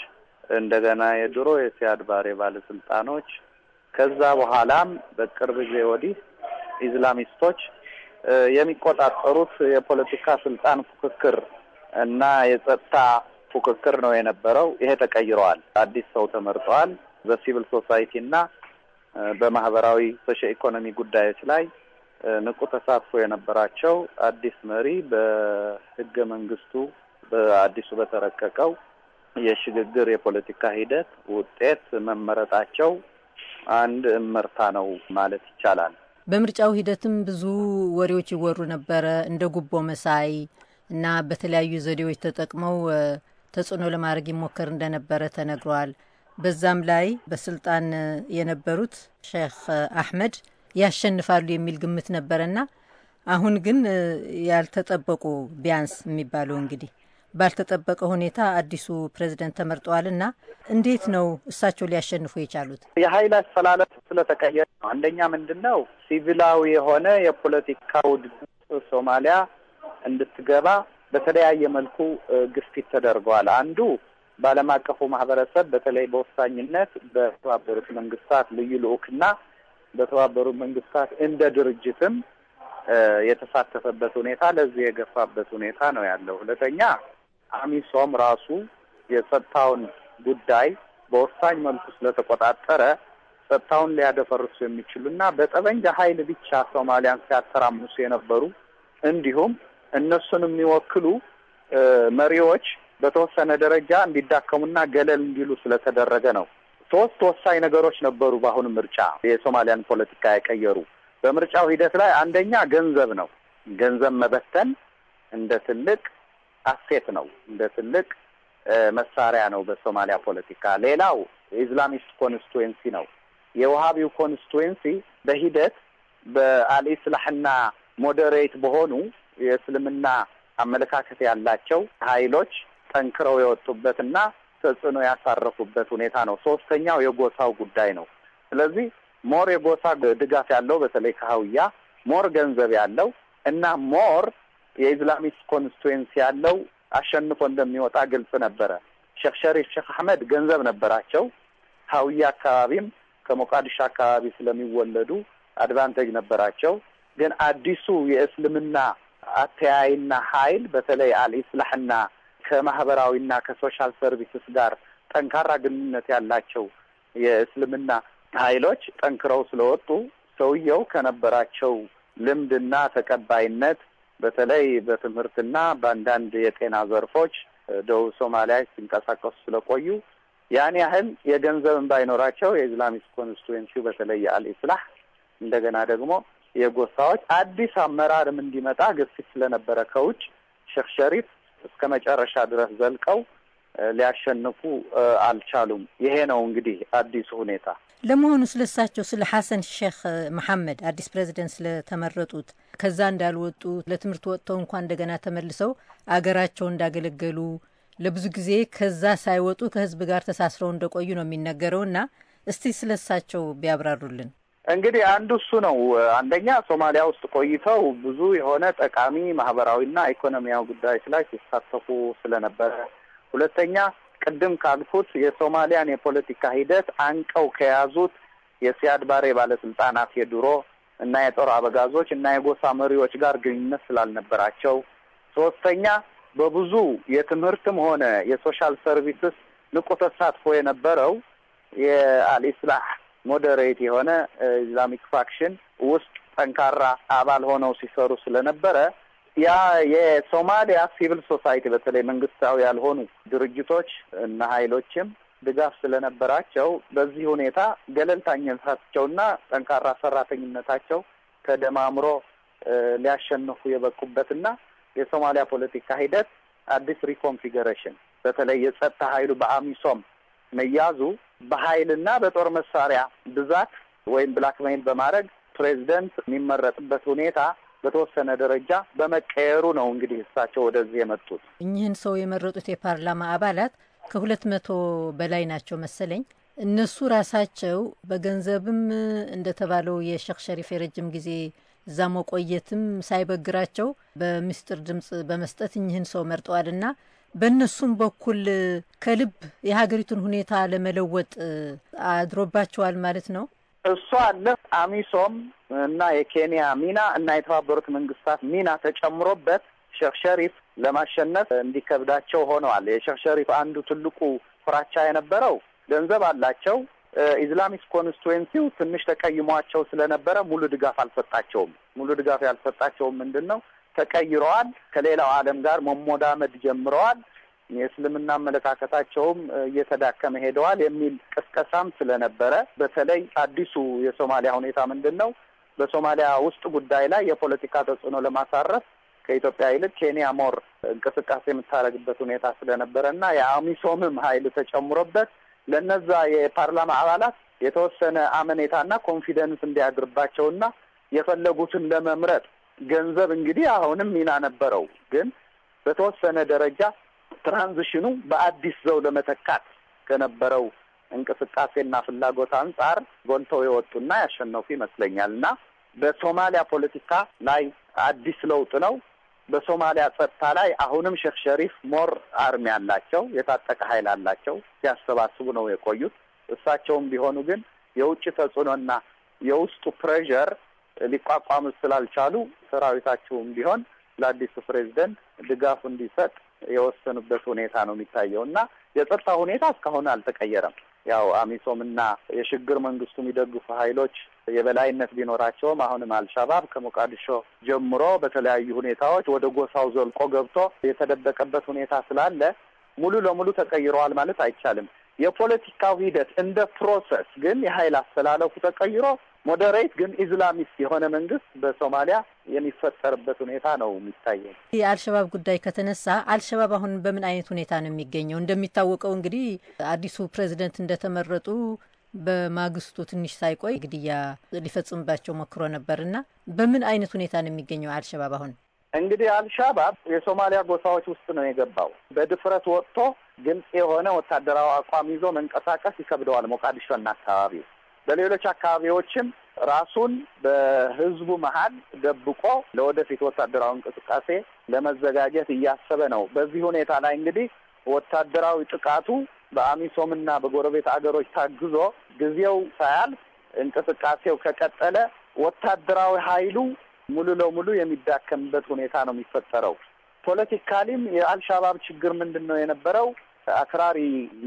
እንደገና የድሮ የሲያድ ባሬ ባለስልጣኖች ከዛ በኋላም በቅርብ ጊዜ ወዲህ ኢስላሚስቶች የሚቆጣጠሩት የፖለቲካ ስልጣን ፉክክር እና የጸጥታ ፉክክር ነው የነበረው። ይሄ ተቀይረዋል። አዲስ ሰው ተመርጠዋል። በሲቪል ሶሳይቲ እና በማህበራዊ ሶሻ ኢኮኖሚ ጉዳዮች ላይ ንቁ ተሳትፎ የነበራቸው አዲስ መሪ በህገ መንግስቱ በአዲሱ በተረቀቀው የሽግግር የፖለቲካ ሂደት ውጤት መመረጣቸው አንድ እመርታ ነው ማለት ይቻላል። በምርጫው ሂደትም ብዙ ወሬዎች ይወሩ ነበረ እንደ ጉቦ መሳይ እና በተለያዩ ዘዴዎች ተጠቅመው ተጽዕኖ ለማድረግ ይሞከር እንደነበረ ተነግሯል። በዛም ላይ በስልጣን የነበሩት ሼክ አህመድ ያሸንፋሉ የሚል ግምት ነበረና አሁን ግን ያልተጠበቁ ቢያንስ የሚባለው እንግዲህ ባልተጠበቀ ሁኔታ አዲሱ ፕሬዝደንት ተመርጠዋልና እንዴት ነው እሳቸው ሊያሸንፉ የቻሉት? የሀይል አሰላለፍ ስለተቀየረ ነው። አንደኛ ምንድን ነው ሲቪላዊ የሆነ የፖለቲካ ውድድር ሶማሊያ እንድትገባ በተለያየ መልኩ ግፊት ተደርገዋል። አንዱ በዓለም አቀፉ ማህበረሰብ በተለይ በወሳኝነት በተባበሩት መንግስታት ልዩ ልዑክና በተባበሩት መንግስታት እንደ ድርጅትም የተሳተፈበት ሁኔታ ለዚህ የገፋበት ሁኔታ ነው ያለው። ሁለተኛ አሚሶም ራሱ የጸጥታውን ጉዳይ በወሳኝ መልኩ ስለተቆጣጠረ ጸጥታውን ሊያደፈርሱ የሚችሉና በጠበንጃ ኃይል ብቻ ሶማሊያን ሲያተራምሱ የነበሩ እንዲሁም እነሱን የሚወክሉ መሪዎች በተወሰነ ደረጃ እንዲዳከሙና ገለል እንዲሉ ስለተደረገ ነው። ሶስት ወሳኝ ነገሮች ነበሩ በአሁኑ ምርጫ የሶማሊያን ፖለቲካ የቀየሩ። በምርጫው ሂደት ላይ አንደኛ ገንዘብ ነው። ገንዘብ መበተን እንደ ትልቅ አሴት ነው፣ እንደ ትልቅ መሳሪያ ነው በሶማሊያ ፖለቲካ። ሌላው የኢስላሚስት ኮንስቲቱዌንሲ ነው። የውሃቢው ኮንስቲቱዌንሲ በሂደት በአልኢስላህና ሞዴሬት በሆኑ የእስልምና አመለካከት ያላቸው ኃይሎች ጠንክረው የወጡበትና ተጽዕኖ ያሳረፉበት ሁኔታ ነው። ሶስተኛው የጎሳው ጉዳይ ነው። ስለዚህ ሞር የጎሳ ድጋፍ ያለው በተለይ ከሀውያ ሞር ገንዘብ ያለው እና ሞር የኢስላሚስት ኮንስቲትዌንሲ ያለው አሸንፎ እንደሚወጣ ግልጽ ነበረ። ሼክ ሸሪፍ ሼክ አህመድ ገንዘብ ነበራቸው። ሀውያ አካባቢም ከሞቃዲሾ አካባቢ ስለሚወለዱ አድቫንቴጅ ነበራቸው። ግን አዲሱ የእስልምና አተያይና ሀይል በተለይ አልኢስላሕና ከማህበራዊና ከሶሻል ሰርቪስስ ጋር ጠንካራ ግንኙነት ያላቸው የእስልምና ሀይሎች ጠንክረው ስለወጡ ሰውየው ከነበራቸው ልምድና ተቀባይነት በተለይ በትምህርትና በአንዳንድ የጤና ዘርፎች ደቡብ ሶማሊያ ሲንቀሳቀሱ ስለቆዩ ያን ያህል የገንዘብን ባይኖራቸው የኢስላሚክ ኮንስቲቱንሲ በተለይ የአልኢስላህ እንደገና ደግሞ የጎሳዎች አዲስ አመራርም እንዲመጣ ግፊት ስለነበረ ከውጭ ሼክ ሸሪፍ እስከ መጨረሻ ድረስ ዘልቀው ሊያሸንፉ አልቻሉም። ይሄ ነው እንግዲህ አዲሱ ሁኔታ። ለመሆኑ ስለሳቸው ስለ ሐሰን ሼክ መሐመድ አዲስ ፕሬዚደንት ስለተመረጡት ከዛ እንዳልወጡ ለትምህርት ወጥተው እንኳ እንደገና ተመልሰው አገራቸው እንዳገለገሉ ለብዙ ጊዜ ከዛ ሳይወጡ ከህዝብ ጋር ተሳስረው እንደቆዩ ነው የሚነገረው። እና እስቲ ስለሳቸው ቢያብራሩልን። እንግዲህ አንዱ እሱ ነው። አንደኛ ሶማሊያ ውስጥ ቆይተው ብዙ የሆነ ጠቃሚ ማህበራዊና ኢኮኖሚያዊ ጉዳዮች ላይ ሲሳተፉ ስለነበረ፣ ሁለተኛ ቅድም ካልኩት የሶማሊያን የፖለቲካ ሂደት አንቀው ከያዙት የሲያድ ባሬ ባለስልጣናት የድሮ እና የጦር አበጋዞች እና የጎሳ መሪዎች ጋር ግንኙነት ስላልነበራቸው፣ ሶስተኛ በብዙ የትምህርትም ሆነ የሶሻል ሰርቪስስ ንቁ ተሳትፎ የነበረው የአልኢስላህ ሞዴሬት የሆነ ኢስላሚክ ፋክሽን ውስጥ ጠንካራ አባል ሆነው ሲሰሩ ስለነበረ ያ የሶማሊያ ሲቪል ሶሳይቲ በተለይ መንግስታዊ ያልሆኑ ድርጅቶች እና ሀይሎችም ድጋፍ ስለነበራቸው በዚህ ሁኔታ ገለልተኝነታቸውና ጠንካራ ሰራተኝነታቸው ተደማምሮ ሊያሸንፉ የበቁበትና የሶማሊያ ፖለቲካ ሂደት አዲስ ሪኮንፊገሬሽን በተለይ የጸጥታ ኃይሉ በአሚሶም መያዙ በኃይልና በጦር መሳሪያ ብዛት ወይም ብላክ በማድረግ ፕሬዚደንት የሚመረጥበት ሁኔታ በተወሰነ ደረጃ በመቀየሩ ነው እንግዲህ እሳቸው ወደዚህ የመጡት። እኚህን ሰው የመረጡት የፓርላማ አባላት ከሁለት መቶ በላይ ናቸው መሰለኝ። እነሱ ራሳቸው በገንዘብም እንደተባለው የሼክ ሸሪፍ የረጅም ጊዜ እዛ መቆየትም ሳይበግራቸው በምስጢር ድምፅ በመስጠት እኚህን ሰው መርጠዋልና በእነሱም በኩል ከልብ የሀገሪቱን ሁኔታ ለመለወጥ አድሮባቸዋል ማለት ነው። እሱ አለ አሚሶም እና የኬንያ ሚና እና የተባበሩት መንግስታት ሚና ተጨምሮበት ሼክ ሸሪፍ ለማሸነፍ እንዲከብዳቸው ሆነዋል። የሼህ ሸሪፍ አንዱ ትልቁ ፍራቻ የነበረው ገንዘብ አላቸው። ኢስላሚክ ኮንስቲትዌንሲው ትንሽ ተቀይሟቸው ስለነበረ ሙሉ ድጋፍ አልሰጣቸውም። ሙሉ ድጋፍ ያልሰጣቸውም ምንድን ነው ተቀይረዋል። ከሌላው ዓለም ጋር መሞዳመድ ጀምረዋል። የእስልምና አመለካከታቸውም እየተዳከመ ሄደዋል የሚል ቅስቀሳም ስለነበረ በተለይ አዲሱ የሶማሊያ ሁኔታ ምንድን ነው በሶማሊያ ውስጥ ጉዳይ ላይ የፖለቲካ ተጽዕኖ ለማሳረፍ ከኢትዮጵያ ይልቅ ኬንያ ሞር እንቅስቃሴ የምታደርግበት ሁኔታ ስለነበረ እና የአሚሶምም ኃይል ተጨምሮበት ለነዛ የፓርላማ አባላት የተወሰነ አመኔታና ኮንፊደንስ እንዲያድርባቸውና የፈለጉትን ለመምረጥ ገንዘብ እንግዲህ አሁንም ሚና ነበረው፣ ግን በተወሰነ ደረጃ ትራንዚሽኑ በአዲስ ዘው ለመተካት ከነበረው እንቅስቃሴና ፍላጎት አንጻር ጎልተው የወጡና ያሸነፉ ይመስለኛል እና በሶማሊያ ፖለቲካ ላይ አዲስ ለውጥ ነው። በሶማሊያ ጸጥታ ላይ አሁንም ሼክ ሸሪፍ ሞር አርሚ አላቸው የታጠቀ ኃይል አላቸው ሲያሰባስቡ ነው የቆዩት። እሳቸውም ቢሆኑ ግን የውጭ ተጽዕኖና የውስጡ ፕሬዠር ሊቋቋም ስላልቻሉ ሰራዊታቸውም ቢሆን ለአዲሱ ፕሬዚደንት ድጋፍ እንዲሰጥ የወሰኑበት ሁኔታ ነው የሚታየው እና የጸጥታ ሁኔታ እስካሁን አልተቀየረም። ያው አሚሶምና የሽግግር መንግስቱ የሚደግፉ ሀይሎች የበላይነት ቢኖራቸውም አሁንም አልሻባብ ከሞቃዲሾ ጀምሮ በተለያዩ ሁኔታዎች ወደ ጎሳው ዘልቆ ገብቶ የተደበቀበት ሁኔታ ስላለ ሙሉ ለሙሉ ተቀይረዋል ማለት አይቻልም። የፖለቲካው ሂደት እንደ ፕሮሰስ ግን የሀይል አስተላለፉ ተቀይሮ ሞዴሬት ግን ኢስላሚስት የሆነ መንግስት በሶማሊያ የሚፈጠርበት ሁኔታ ነው የሚታየኝ። የአልሸባብ ጉዳይ ከተነሳ አልሸባብ አሁን በምን አይነት ሁኔታ ነው የሚገኘው? እንደሚታወቀው እንግዲህ አዲሱ ፕሬዚደንት እንደተመረጡ በማግስቱ ትንሽ ሳይቆይ ግድያ ሊፈጽምባቸው ሞክሮ ነበርና በምን አይነት ሁኔታ ነው የሚገኘው አልሸባብ አሁን? እንግዲህ አልሻባብ የሶማሊያ ጎሳዎች ውስጥ ነው የገባው። በድፍረት ወጥቶ ግልጽ የሆነ ወታደራዊ አቋም ይዞ መንቀሳቀስ ይከብደዋል ሞቃዲሾና አካባቢው በሌሎች አካባቢዎችም ራሱን በህዝቡ መሀል ደብቆ ለወደፊት ወታደራዊ እንቅስቃሴ ለመዘጋጀት እያሰበ ነው። በዚህ ሁኔታ ላይ እንግዲህ ወታደራዊ ጥቃቱ በአሚሶምና በጎረቤት አገሮች ታግዞ ጊዜው ሳያልፍ እንቅስቃሴው ከቀጠለ ወታደራዊ ኃይሉ ሙሉ ለሙሉ የሚዳከምበት ሁኔታ ነው የሚፈጠረው። ፖለቲካሊም የአልሻባብ ችግር ምንድን ነው የነበረው? አክራሪ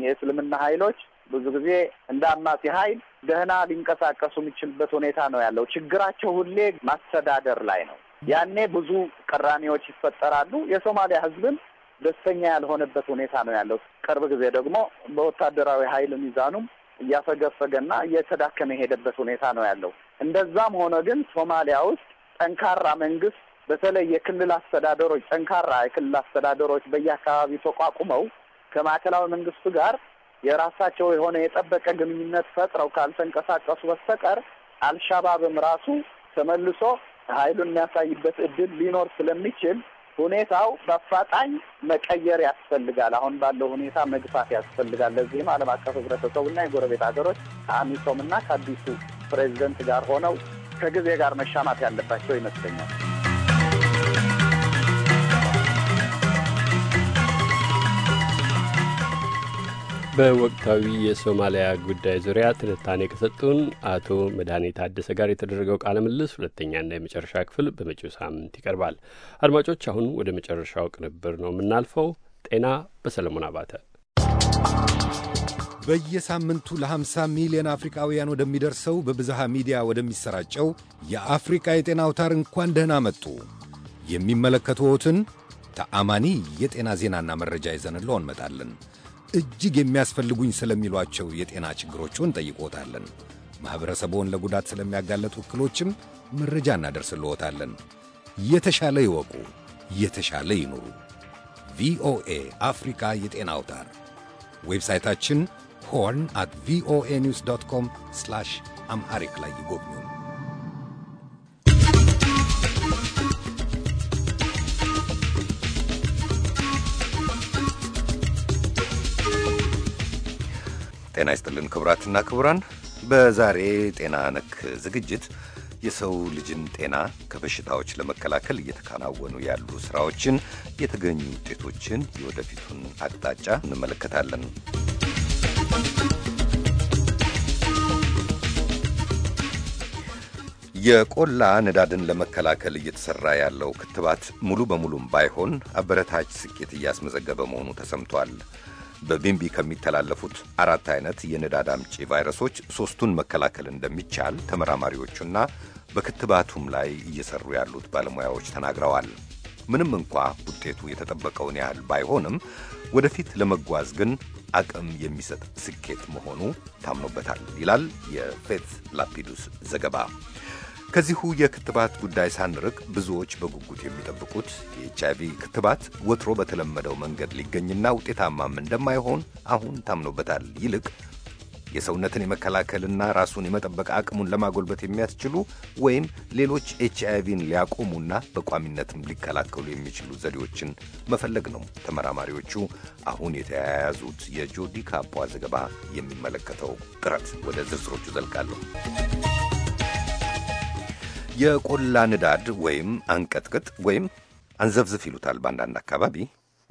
የእስልምና ኃይሎች ብዙ ጊዜ እንደ አማጺ ኃይል ደህና ሊንቀሳቀሱ የሚችልበት ሁኔታ ነው ያለው። ችግራቸው ሁሌ ማስተዳደር ላይ ነው። ያኔ ብዙ ቅራኔዎች ይፈጠራሉ። የሶማሊያ ህዝብም ደስተኛ ያልሆነበት ሁኔታ ነው ያለው። ቅርብ ጊዜ ደግሞ በወታደራዊ ኃይል ሚዛኑም እያፈገፈገና እየተዳከመ የሄደበት ሁኔታ ነው ያለው። እንደዛም ሆነ ግን ሶማሊያ ውስጥ ጠንካራ መንግስት በተለይ የክልል አስተዳደሮች ጠንካራ የክልል አስተዳደሮች በየአካባቢው ተቋቁመው ከማዕከላዊ መንግስቱ ጋር የራሳቸው የሆነ የጠበቀ ግንኙነት ፈጥረው ካልተንቀሳቀሱ በስተቀር አልሻባብም ራሱ ተመልሶ ኃይሉን የሚያሳይበት እድል ሊኖር ስለሚችል ሁኔታው በአፋጣኝ መቀየር ያስፈልጋል። አሁን ባለው ሁኔታ መግፋት ያስፈልጋል። ለዚህም ዓለም አቀፍ ህብረተሰቡና የጎረቤት ሀገሮች ከአሚሶምና ከአዲሱ ፕሬዚደንት ጋር ሆነው ከጊዜ ጋር መሻማት ያለባቸው ይመስለኛል። በወቅታዊ የሶማሊያ ጉዳይ ዙሪያ ትንታኔ ከሰጡን አቶ መድኃኔ ታደሰ ጋር የተደረገው ቃለ ምልልስ ሁለተኛና የመጨረሻ ክፍል በመጪው ሳምንት ይቀርባል። አድማጮች፣ አሁን ወደ መጨረሻው ቅንብር ነው የምናልፈው። ጤና በሰለሞን አባተ። በየሳምንቱ ለ50 ሚሊዮን አፍሪካውያን ወደሚደርሰው በብዝሃ ሚዲያ ወደሚሰራጨው የአፍሪካ የጤና አውታር እንኳን ደህና መጡ። የሚመለከቱዎትን ተአማኒ የጤና ዜናና መረጃ ይዘንለው እንመጣለን። እጅግ የሚያስፈልጉኝ ስለሚሏቸው የጤና ችግሮቹን ጠይቆታለን። ማኅበረሰቡን ለጉዳት ስለሚያጋለጡ እክሎችም መረጃ እናደርስልዎታለን። የተሻለ ይወቁ፣ የተሻለ ይኑሩ። ቪኦኤ አፍሪካ የጤና አውታር ዌብሳይታችን ሆርን አት ቪኦኤ ኒውስ ዶት ኮም ስላሽ አምሃሪክ ላይ ይጎብኙ። ጤና ይስጥልን ክቡራትና ክቡራን። በዛሬ ጤና ነክ ዝግጅት የሰው ልጅን ጤና ከበሽታዎች ለመከላከል እየተከናወኑ ያሉ ስራዎችን፣ የተገኙ ውጤቶችን፣ የወደፊቱን አቅጣጫ እንመለከታለን። የቆላ ንዳድን ለመከላከል እየተሰራ ያለው ክትባት ሙሉ በሙሉም ባይሆን አበረታች ስኬት እያስመዘገበ መሆኑ ተሰምቷል። በቢምቢ ከሚተላለፉት አራት አይነት የንዳድ አምጪ ቫይረሶች ሦስቱን መከላከል እንደሚቻል ተመራማሪዎቹና በክትባቱም ላይ እየሰሩ ያሉት ባለሙያዎች ተናግረዋል። ምንም እንኳ ውጤቱ የተጠበቀውን ያህል ባይሆንም ወደፊት ለመጓዝ ግን አቅም የሚሰጥ ስኬት መሆኑ ታምኖበታል ይላል የፌት ላፒዱስ ዘገባ። ከዚሁ የክትባት ጉዳይ ሳንርቅ ብዙዎች በጉጉት የሚጠብቁት የኤች አይቪ ክትባት ወትሮ በተለመደው መንገድ ሊገኝና ውጤታማም እንደማይሆን አሁን ታምኖበታል። ይልቅ የሰውነትን የመከላከልና ራሱን የመጠበቅ አቅሙን ለማጎልበት የሚያስችሉ ወይም ሌሎች ኤች አይቪን ሊያቆሙና በቋሚነትም ሊከላከሉ የሚችሉ ዘዴዎችን መፈለግ ነው ተመራማሪዎቹ አሁን የተያያዙት የጆዲ ካፖ ዘገባ የሚመለከተው ጥረት። ወደ ዝርዝሮቹ ዘልቃለሁ። የቆላ ንዳድ ወይም አንቀጥቅጥ ወይም አንዘፍዝፍ ይሉታል በአንዳንድ አካባቢ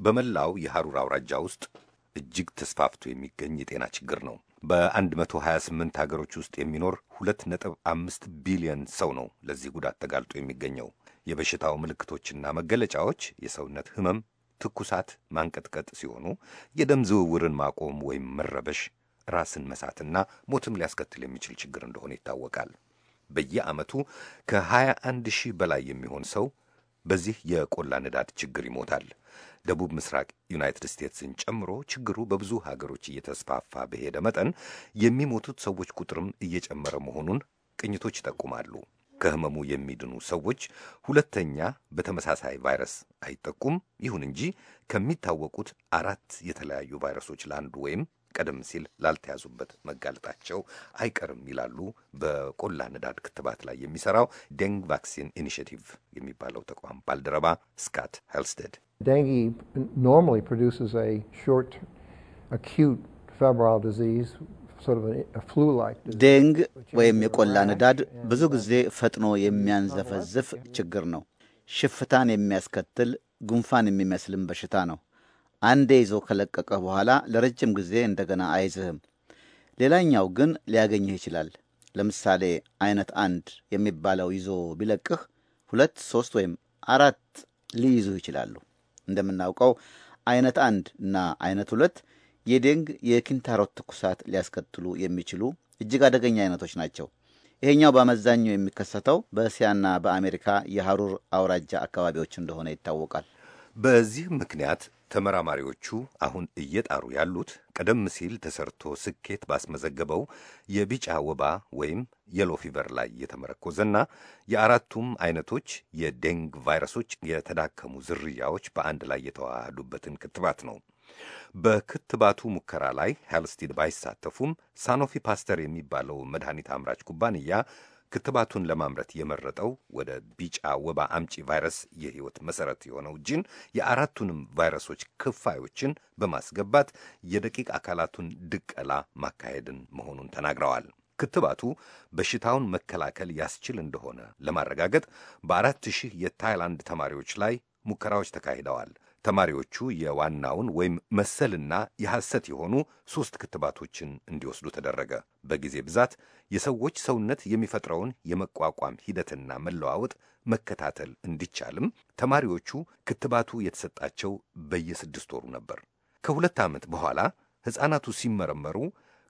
በመላው የሐሩር አውራጃ ውስጥ እጅግ ተስፋፍቶ የሚገኝ የጤና ችግር ነው። በ128 ሀገሮች ውስጥ የሚኖር 2.5 ቢሊዮን ሰው ነው ለዚህ ጉዳት ተጋልጦ የሚገኘው። የበሽታው ምልክቶችና መገለጫዎች የሰውነት ህመም፣ ትኩሳት፣ ማንቀጥቀጥ ሲሆኑ የደም ዝውውርን ማቆም ወይም መረበሽ፣ ራስን መሳትና ሞትም ሊያስከትል የሚችል ችግር እንደሆነ ይታወቃል። በየዓመቱ ከ21 ሺህ በላይ የሚሆን ሰው በዚህ የቆላ ንዳድ ችግር ይሞታል። ደቡብ ምስራቅ ዩናይትድ ስቴትስን ጨምሮ ችግሩ በብዙ ሀገሮች እየተስፋፋ በሄደ መጠን የሚሞቱት ሰዎች ቁጥርም እየጨመረ መሆኑን ቅኝቶች ይጠቁማሉ። ከህመሙ የሚድኑ ሰዎች ሁለተኛ በተመሳሳይ ቫይረስ አይጠቁም። ይሁን እንጂ ከሚታወቁት አራት የተለያዩ ቫይረሶች ለአንዱ ወይም ቀደም ሲል ላልተያዙበት መጋለጣቸው አይቀርም ይላሉ በቆላ ንዳድ ክትባት ላይ የሚሰራው ደንግ ቫክሲን ኢኒሽቲቭ የሚባለው ተቋም ባልደረባ ስካት ሄልስቴድ። ደንግ ኖርማሊ ሾርት አኪዩት ዲዚዝ ዴንግ ወይም የቆላ ንዳድ ብዙ ጊዜ ፈጥኖ የሚያንዘፈዝፍ ችግር ነው። ሽፍታን የሚያስከትል ጉንፋን የሚመስልም በሽታ ነው። አንዴ ይዞ ከለቀቀ በኋላ ለረጅም ጊዜ እንደገና አይዝህም። ሌላኛው ግን ሊያገኝህ ይችላል። ለምሳሌ አይነት አንድ የሚባለው ይዞ ቢለቅህ ሁለት፣ ሶስት ወይም አራት ሊይዙህ ይችላሉ። እንደምናውቀው አይነት አንድ እና አይነት ሁለት የዴንግ የኪንታሮት ትኩሳት ሊያስከትሉ የሚችሉ እጅግ አደገኛ አይነቶች ናቸው። ይሄኛው በአመዛኙ የሚከሰተው በእስያና በአሜሪካ የሐሩር አውራጃ አካባቢዎች እንደሆነ ይታወቃል። በዚህ ምክንያት ተመራማሪዎቹ አሁን እየጣሩ ያሉት ቀደም ሲል ተሰርቶ ስኬት ባስመዘገበው የቢጫ ወባ ወይም የሎ ፊቨር ላይ የተመረኮዘና የአራቱም አይነቶች የዴንግ ቫይረሶች የተዳከሙ ዝርያዎች በአንድ ላይ የተዋሃዱበትን ክትባት ነው። በክትባቱ ሙከራ ላይ ሄልስቲድ ባይሳተፉም ሳኖፊ ፓስተር የሚባለው መድኃኒት አምራች ኩባንያ ክትባቱን ለማምረት የመረጠው ወደ ቢጫ ወባ አምጪ ቫይረስ የህይወት መሰረት የሆነው ጂን የአራቱንም ቫይረሶች ክፋዮችን በማስገባት የደቂቅ አካላቱን ድቀላ ማካሄድን መሆኑን ተናግረዋል። ክትባቱ በሽታውን መከላከል ያስችል እንደሆነ ለማረጋገጥ በአራት ሺህ የታይላንድ ተማሪዎች ላይ ሙከራዎች ተካሂደዋል። ተማሪዎቹ የዋናውን ወይም መሰልና የሐሰት የሆኑ ሦስት ክትባቶችን እንዲወስዱ ተደረገ። በጊዜ ብዛት የሰዎች ሰውነት የሚፈጥረውን የመቋቋም ሂደትና መለዋወጥ መከታተል እንዲቻልም ተማሪዎቹ ክትባቱ የተሰጣቸው በየስድስት ወሩ ነበር። ከሁለት ዓመት በኋላ ሕፃናቱ ሲመረመሩ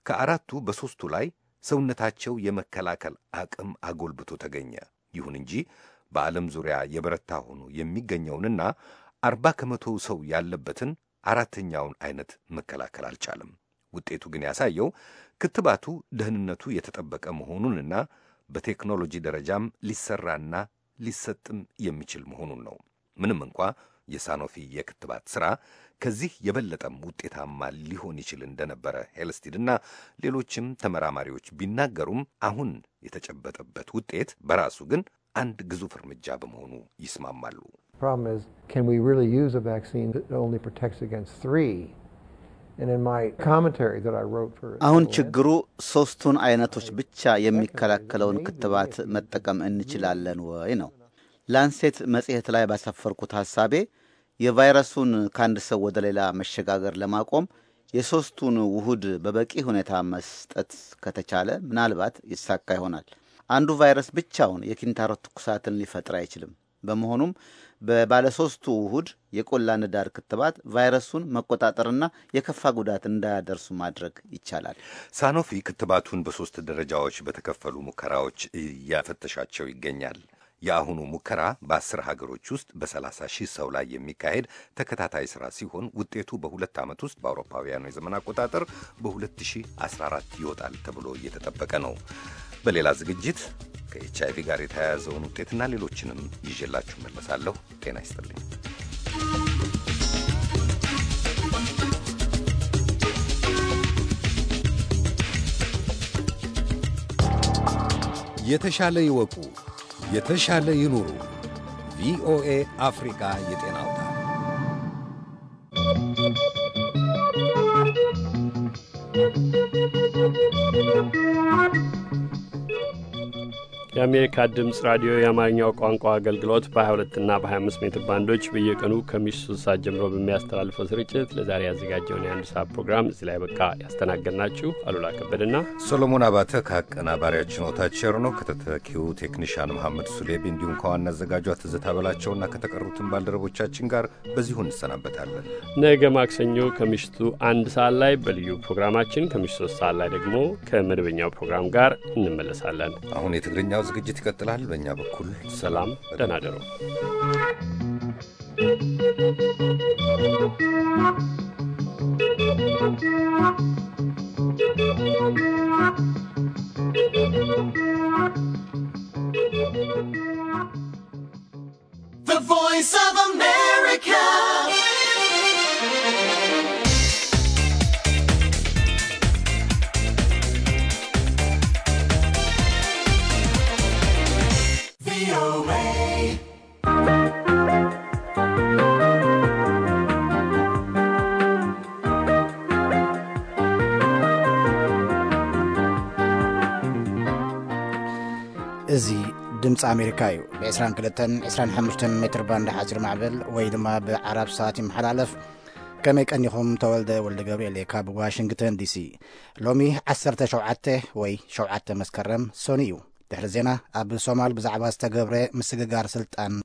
ከአራቱ በሦስቱ ላይ ሰውነታቸው የመከላከል አቅም አጎልብቶ ተገኘ። ይሁን እንጂ በዓለም ዙሪያ የበረታ ሆኖ የሚገኘውንና አርባ ከመቶ ሰው ያለበትን አራተኛውን አይነት መከላከል አልቻለም። ውጤቱ ግን ያሳየው ክትባቱ ደህንነቱ የተጠበቀ መሆኑንና በቴክኖሎጂ ደረጃም ሊሰራና ሊሰጥም የሚችል መሆኑን ነው። ምንም እንኳ የሳኖፊ የክትባት ሥራ ከዚህ የበለጠም ውጤታማ ሊሆን ይችል እንደነበረ ሄልስቲድና ሌሎችም ተመራማሪዎች ቢናገሩም አሁን የተጨበጠበት ውጤት በራሱ ግን አንድ ግዙፍ እርምጃ በመሆኑ ይስማማሉ። problem is, can we really use a vaccine that only protects against three? አሁን ችግሩ ሶስቱን አይነቶች ብቻ የሚከላከለውን ክትባት መጠቀም እንችላለን ወይ ነው። ላንሴት መጽሔት ላይ ባሰፈርኩት ሐሳቤ የቫይረሱን ከአንድ ሰው ወደ ሌላ መሸጋገር ለማቆም የሦስቱን ውሁድ በበቂ ሁኔታ መስጠት ከተቻለ ምናልባት ይሳካ ይሆናል። አንዱ ቫይረስ ብቻውን የኪንታሮት ትኩሳትን ሊፈጥር አይችልም። በመሆኑም በባለሶስቱ ውሁድ የቆላ ንዳድ ክትባት ቫይረሱን መቆጣጠርና የከፋ ጉዳት እንዳያደርሱ ማድረግ ይቻላል። ሳኖፊ ክትባቱን በሶስት ደረጃዎች በተከፈሉ ሙከራዎች እያፈተሻቸው ይገኛል። የአሁኑ ሙከራ በአስር ሀገሮች ውስጥ በሰላሳ ሺህ ሰው ላይ የሚካሄድ ተከታታይ ስራ ሲሆን ውጤቱ በሁለት ዓመት ውስጥ በአውሮፓውያኑ የዘመን አቆጣጠር በ2014 ይወጣል ተብሎ እየተጠበቀ ነው። በሌላ ዝግጅት ከኤች አይቪ ጋር የተያያዘውን ውጤትና ሌሎችንም ይዤላችሁ መለሳለሁ። ጤና ይስጥልኝ። የተሻለ ይወቁ፣ የተሻለ ይኑሩ። ቪኦኤ አፍሪካ የጤና አውታር Thank you. የአሜሪካ ድምፅ ራዲዮ የአማርኛው ቋንቋ አገልግሎት በ22 እና በ25 ሜትር ባንዶች በየቀኑ ከምሽቱ ሶስት ሰዓት ጀምሮ በሚያስተላልፈው ስርጭት ለዛሬ ያዘጋጀውን የአንድ ሰዓት ፕሮግራም እዚህ ላይ በቃ ያስተናገድናችሁ አሉላ ከበድና ሶሎሞን አባተ ከአቀናባሪያችን ኦታቸር ነው ከተተኪው ቴክኒሻን መሐመድ ሱሌቢ እንዲሁም ከዋና አዘጋጇ ትዝታ በላቸውና ከተቀሩትን ባልደረቦቻችን ጋር በዚሁ እንሰናበታለን። ነገ ማክሰኞ ከምሽቱ አንድ ሰዓት ላይ በልዩ ፕሮግራማችን ከምሽቱ 3 ሰዓት ላይ ደግሞ ከመደበኛው ፕሮግራም ጋር እንመለሳለን። አሁን የትግርኛው ዝግጅት ይቀጥላል። በእኛ በኩል ሰላም፣ ደህና ደሩ። The Voice of America እዚ ድምፂ ኣሜሪካ እዩ ብ2225 ሜትርባንድ ሓ0ር ማዕበል ወይ ድማ ብዓራብ ሰባት ይመሓላለፍ ከመይ ቀኒኹም ተወልደ ወልዲ ገብርኤለየ ካብ ዋሽንግተን ዲሲ ሎሚ 17 ወይ 7ተ መስከረም ሶኒ እዩ ድሕሪ ዜና ኣብ ሶማል ብዛዕባ ዝተገብረ ምስግጋር ስልጣን